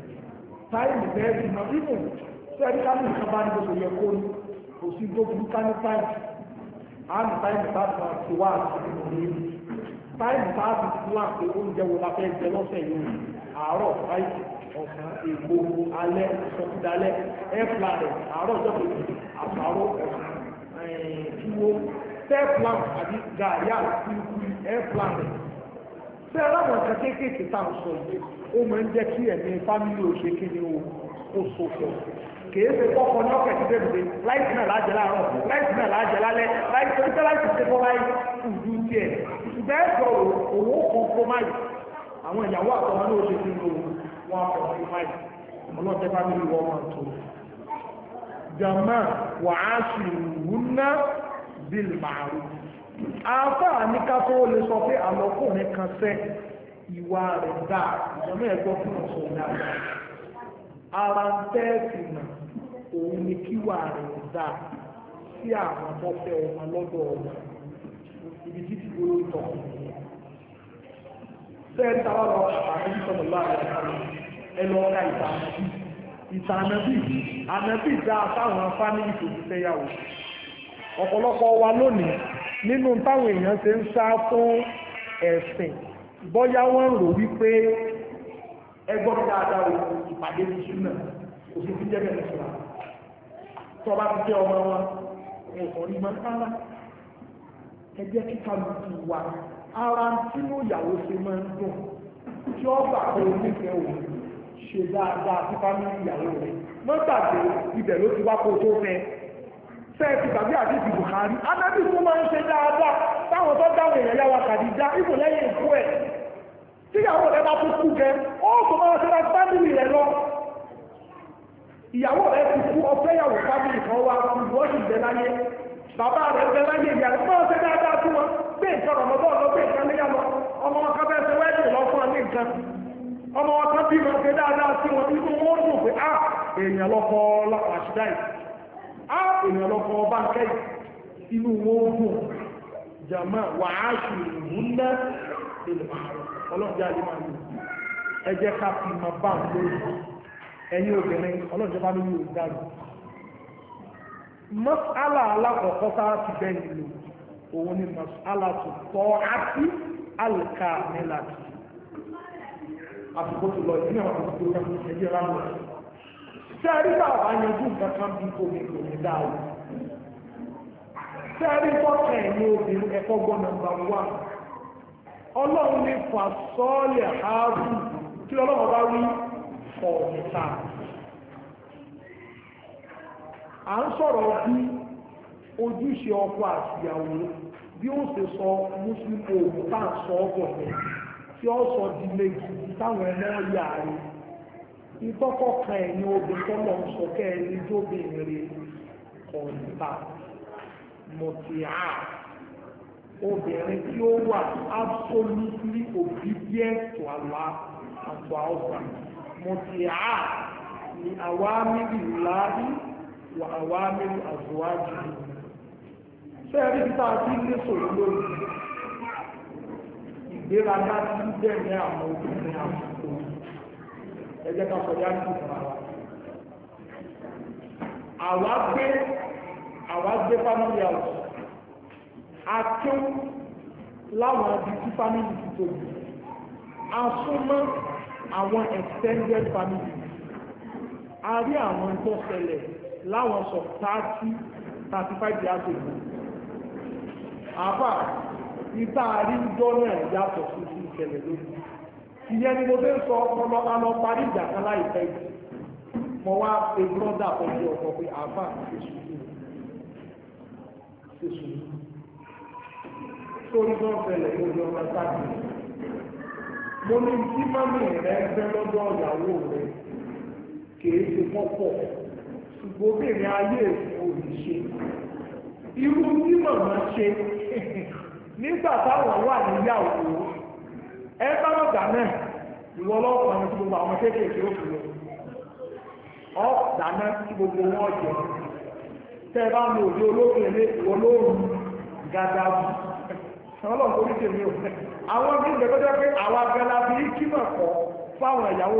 táìmù bẹ́ẹ̀ sì mọ ibù sẹ́ẹ̀dì kánú ìjọba ní gbogbo yẹ kó ní kò sí gbogbo kánú táìmù àánú táìmù táàbù máa ti wá àti ìmọ̀ ní ibi táìmù táàbù ti wá pé oúnjẹ wo la fẹ́ jẹ lọ́sẹ̀ yìí àárọ̀ táìmù ọ̀sán ègbò alẹ́ ìsọkúdalẹ́ ẹ̀fla rẹ̀ àárọ̀ ìjọba ìjọba àtàrọ̀ ọ̀sán ẹ̀ẹ́dúró tẹ́ẹ̀plan àbí gàáyà kúrúkúrú ẹ̀fla rẹ̀ bẹ́ẹ̀ láwọn nǹkan kéékèèké tá à ń sọ yìí ó máa ń jẹ́ kí ẹ̀mí fámílì òṣè kí ni o ó sòfò kìí ṣe kọ́kọ́ ní ọ̀kẹ́ ti débìde láìsí náà láàjẹ láàárọ̀ láìsí náà láàjẹ lálẹ́ láìsí náà láìsí ṣe fún láì ìlú tiẹ̀ bẹ́ẹ̀ sọ òwò compromise àwọn ìyàwó àtọmọ ní òṣè kí ni o wọn compromise ọlọ́jẹ́ fámílì wọn afa ní ká tó lè sọ pé àlọ́kùnrin kan sẹ ìwà rẹ̀ dáa ìjọba ẹ̀gbọ́n fún ọ̀sọ̀ dáadáa ara ń tẹ́ẹ̀sì nà òun ni kíwà rẹ̀ dáa sí àwọn tó fẹ́ ọmọ lọ́dọ̀ ọmọ ibi títí tọ̀ lọ àti láàrin ẹ lọ ànábì ànábì sáwọn ọ̀pọ̀lọpọ̀ wa lónìí nínú táwọn èèyàn ṣe ń sá fún ẹ̀sìn bọ́yá wọ́n rò wípé ẹgbọ́n dáadáa o ìpàdé ti sún náà kò sí ti jẹ́ bẹ̀rẹ̀ sọ̀rọ̀ tó bá ti jẹ́ ọmọ wọn ẹ̀kọ́ ní máa ń sára ẹjẹ́ kíkà lùkù wa ara tí ó yàwó ṣe máa ń dùn tí ó gbà pé onífẹ́ òun ṣe dáadáa sí fámìlì ìyàwó rẹ̀ mọ́tàdé ibẹ̀ ló ti wá kó tó fẹ́ tẹ́ẹ̀tì tàbí àdìsí Buhari anábì tó máa ń ṣe dáadáa táwọn tó dáwọn èèyàn yá wa lẹ́yìn ìkú ẹ̀ tíyàwó rẹ̀ bá gẹ ó máa ṣe láti fámìlì rẹ̀ lọ ìyàwó rẹ̀ ti kú ọfẹ́yàwó fámìlì kan wá ìwọ́ sì bẹ láyé bàbá rẹ̀ bẹ láyé máa ṣe dáadáa nǹkan nǹkan ọmọ ṣe wẹ́ẹ̀dì lọ fún nǹkan ọmọ bí wọn ṣe dáadáa á èèyàn lọ́kọ̀ ọba kẹ́yì inú wọn gùn jàmá wà á sì mún ná ìlú ọlọ́jà lè máa lò ẹ jẹ́ ká fi máa bá ń lórí ẹ̀yin obìnrin ọlọ́jà bá lórí òdàlù mas'ala alákọ̀ọ́kọ́ tá a ti bẹ́ẹ̀ lò òun ni mas'ala tó tọ́ àti alìkà nílàtì àfikún tó lọ ìdílé àwọn àti tó kẹ́kọ̀ọ́ sẹ́ẹ̀rí bàbá yanjú nǹkan bí kò ní kò ní o sẹ́ẹ̀rí tọ́ka ẹ̀yìn obìnrin ẹ̀kọ́ gbọ́ nọ́mbà wán ọlọ́run ní fàṣọ́ọ̀lẹ̀ ààrùn kí ọlọ́run bá wí fọ̀ọ̀mìta à ń sọ̀rọ̀ bí ojúṣe ọkọ àtìyàwó bí ó ṣe sọ mùsùlùmí òun tá sọ ọ́ bọ̀ tí ó sọ di méjì táwọn ìtọ́kọ̀ kan ẹ̀yìn obìnrin tó lọ sọ kẹ́ ẹni jóbìnrin kọ̀ǹtà mọ̀tìá obìnrin tí ó wà absolutely obedient to Allah and to our husband mọ̀tìá ni àwa mílì láàbí wà àwa mílì àzùwájú sẹ́ẹ̀rí títà sí ilé sọ̀rọ̀ lórí ìgbéraga tí ń bẹ̀rẹ̀ àwọn obìnrin àsìkò ẹjẹ́ ká sọ yára sí fún àwa àwa gbé àwa gbé family house akíw láwọn ibi tí family ti tóbi asúnmọ́ àwọn extended family a rí àwọn tó ṣẹlẹ̀ láwọn sọ 30, 35 five years ago àbá ìta àríjọ́ náà yàtọ̀ sí ìṣẹ̀lẹ̀ lónìí ìyẹn ni mo fẹ́ sọ ọpọlọ alọ́ parí ìjà kan láìpẹ́ yìí mo wá pe brọ́dà pẹ̀lú ọkọ̀ pé àáfà ṣe sùúrù ṣe sùúrù sórí náà fẹlẹ̀ lórí ọmọ sáàkì mo ní tí mami rẹ fẹ́ lọ́dọ̀ ìyàwó rẹ kìí ṣe pọ́pọ̀ ṣùgbọ́n obìnrin ayé èsì òyìnṣe irú tí màmá ṣe nígbà táwọn wà níyàwó ẹ bá lọ́gà náà ìwọ ọlọ́pàá ní gbogbo àwọn òkú lọ ọ dáná tí gbogbo wọn jẹ tẹ bá ń olóògùn ilé gàdá bù ọlọ́run tó ní tèmi ò àwọn pé bí fáwọn ìyàwó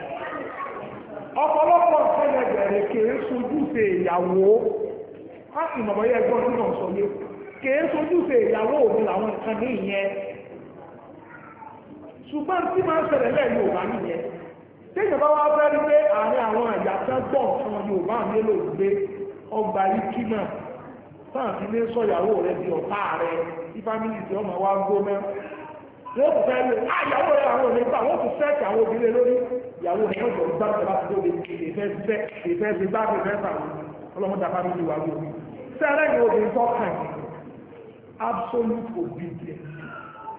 ọ̀pọ̀lọpọ̀ nǹkan yẹn bẹ̀rẹ̀ kèé sojúṣe ìyàwó á sì mọ̀mọ́ yẹ gbọ́n nínú kèé sojúṣe ìyàwó òun làwọn nǹkan ní ìyẹn ṣùgbọ́n tí máa ń ṣẹlẹ̀ lẹ́ Yorùbá nìyẹn téèyàn bá wá fẹ́ rí pé àárín àwọn àyà tán gbọ̀n fún Yorùbá ọgbà yìí kí náà sọ ìyàwó rẹ di ọ̀tá rẹ tí fámìlì tí wọ́n kò fẹ́ lò àyàwó ah, rẹ̀ àwọn òní gbà wọ́n kò fẹ́ kí àwọn obìnrin lórí ìyàwó rẹ̀ yóò jọ̀ọ́ gbàgbọ́ bá ti dóde ìfẹ́ fẹ́ ìfẹ́ fi bá fi fẹ́ fà ọlọ́mọdé afá mi ti wà lórí. sẹ́rẹ̀ ni obìnrin tó kàn yín absolute obedience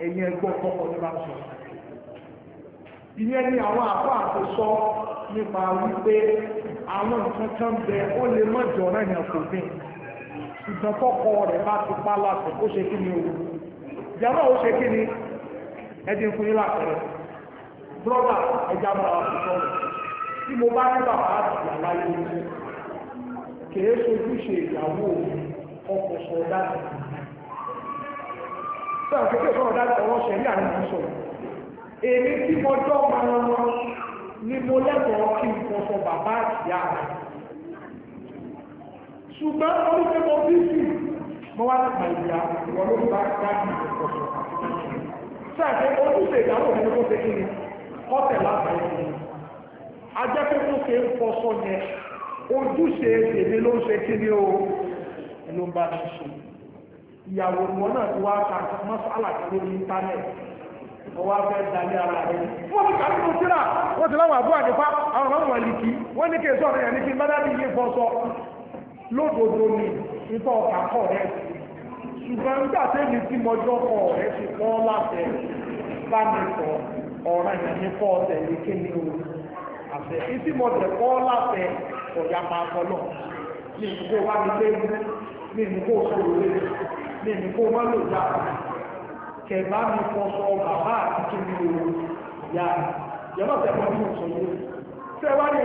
ẹ̀yin ẹgbọ́n kọ́kọ́ ní bá ń sọ. ìyẹn ni àwọn àpá àtúnṣọ nípa wípé àwọn nǹkan kan bẹ ó lè má jọ náà yẹn kò dín ṣùgbọ́n tọkọ rẹ̀ bá ti pa láti ó ṣe kí ni o yàrá ó ṣe kí ni ẹdín fún yín lápẹẹrẹ brọdà ẹja mọ àwọn àtúntò rẹ tí mo bá ní bàbá àti àlá yìí kèé sojúṣe ìyàwó ọkọ sọ̀rọ̀ dáadáa sọ àkókò sọ̀rọ̀ dáadáa ọwọ́ sẹrí àwọn ọmọ sọ̀rọ̀ èmi tí mo jọ máa ń wọn ni mo lẹ́tọ̀ọ́ kí n kọ sọ bàbá àti àlá ṣùgbọ́n orí pé mo bí sí mo wá ní àìyá ìwọ ló bá dáàbò ìkọ̀sọ̀ sẹ́ẹ̀kẹ́ ojúṣe ìdáwò ní kó ṣe kíni ọ̀tẹ̀ lábẹ́ ìlú ajẹ́pẹ́ tó ṣe o ló ń bá mi ṣe ìyàwó ìwọ náà ti wá ta mọ́sálà lórí íńtánẹ́ẹ̀tì ọwọ́ afẹ́ dalẹ́ ara rẹ̀. wọ́n ti kàrí ló síra wọ́n ti láwọn àbúrò àdìpá àwọn ọmọ wọn lè kí wọ́n ní kéèso ọ̀rẹ́ yẹn ní kí bá dábì yé fọ́ sọ lódodo ni ìtọ́ ọ̀kà kọ̀ rẹ̀ ṣùgbọ́n nígbà tẹ́mi tí mo jọ́kọ̀ rẹ̀ ti kọ́ láti bá mi sọ ọ̀ràn yẹn ní kọ́ tẹ̀lé kí ni o ìtí mo kọ́ láti ọ̀yà máa lọ ní ìdíkó wá mi lé ní ìdíkó sọ̀rọ̀ lé ní ìdíkó má lò já kẹ̀bá mi kọ́ sọ bàbá àti kí ni o ìyá wá ní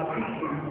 àwọn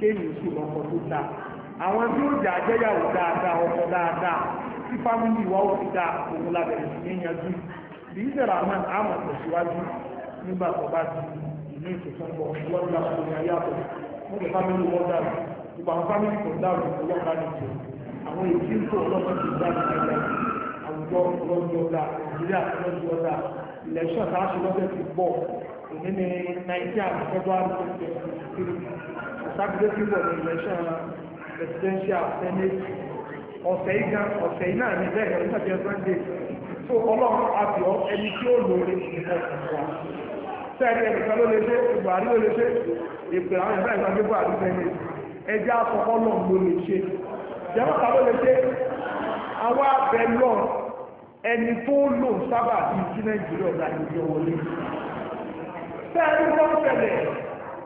kéèyàn sì lọ́kọ̀ tó dáa àwọn tí ó jà jẹ́yàwó dáadáa ọkọ dáadáa tí fámìlì wa ó ti dáa òun la bẹ̀rẹ̀ sí ní yanjú bí í sẹ̀rọ àmọ́ àmọ́ tẹ̀síwájú nígbà tó bá di ìlú ìtòsán bọ̀ lọ́dún láti ní ayé àtọ̀ mo lè fámìlì wọ́n dàrú gbogbo àwọn fámìlì kò dàrú ọlọ́run bá nìjọ àwọn èyí ń tó ọlọ́run ti dàrú ẹ̀yà àwùjọ ọlọ́run ọ̀dà nàìjíríà ọlọ́run ọ̀dà ilẹ̀ṣọ́ sátidé tí wọ́n ní election presidential senate ọ̀sẹ̀ ìgbà ọ̀sẹ̀ iná ní bẹ́ẹ̀ nígbàjẹ́ sunday tó ọlọ́run àbíọ́ ẹni tí ó lóore ìfọ̀kùnfà sẹ́ẹ̀rì ẹ̀ka ló lè ṣe buhari ló lè ṣe ìpè àwọn ìgbà ìgbà gbé buhari sẹ́yìn ẹjẹ́ àkọ́kọ́ náà ló lè ṣe jẹ́mọ́ta ló lè ṣe àwọn abẹ lọ ẹni tó lò sábà bíi sí nàìjíríà ọ̀gá ìjọ wọlé sẹ́ẹ̀rì wọ́n tẹ̀lẹ̀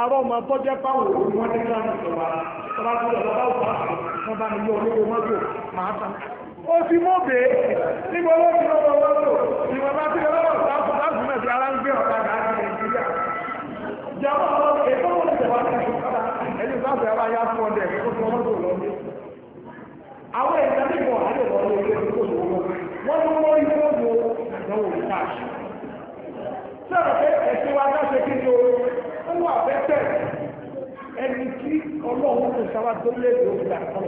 arọ́ ọmọ tó jẹ́ pàwọ̀ òun wọn ní ká ìjọba tọ́lá tó lọ bá òkú àpò wọn bá mi yọ olówó mọ́tò máa tán. ó ti mú bèé níbo ló ti lọ́wọ́ mọ́tò ìwọ̀n bá ti lọ́wọ́ sáfù láti mẹ́ ti ara ń gbé ọ̀kadà ní nàìjíríà. ìjọba ọmọ ètò wọn ìjọba ẹni sáfù ẹ̀rọ ayá fún ọdẹ ẹ̀kọ́ tó mọ́tò lọ ní. àwọn èèyàn nígbà àdé wọlé ilé ìgbòho wọn ló mọ ìgbòho àdáwò ń wà bẹ́tẹ̀ ẹni tí ọlọ́run tó sábà tó lé èdè ọlọ́run tó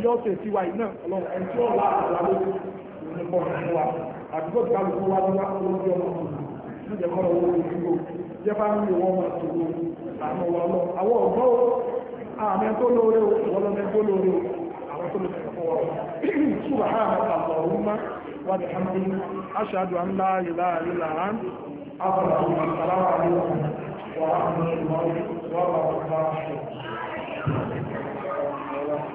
lé ọyọ́ tó ti wáyé náà ọlọ́run ẹni tí wa àdúgbò tí a fún wa ní wá ọmọ ní ń wọ́n máa lọ àwọn ọ̀gbọ́n o àmì lóore o ورحمة الله وبركاته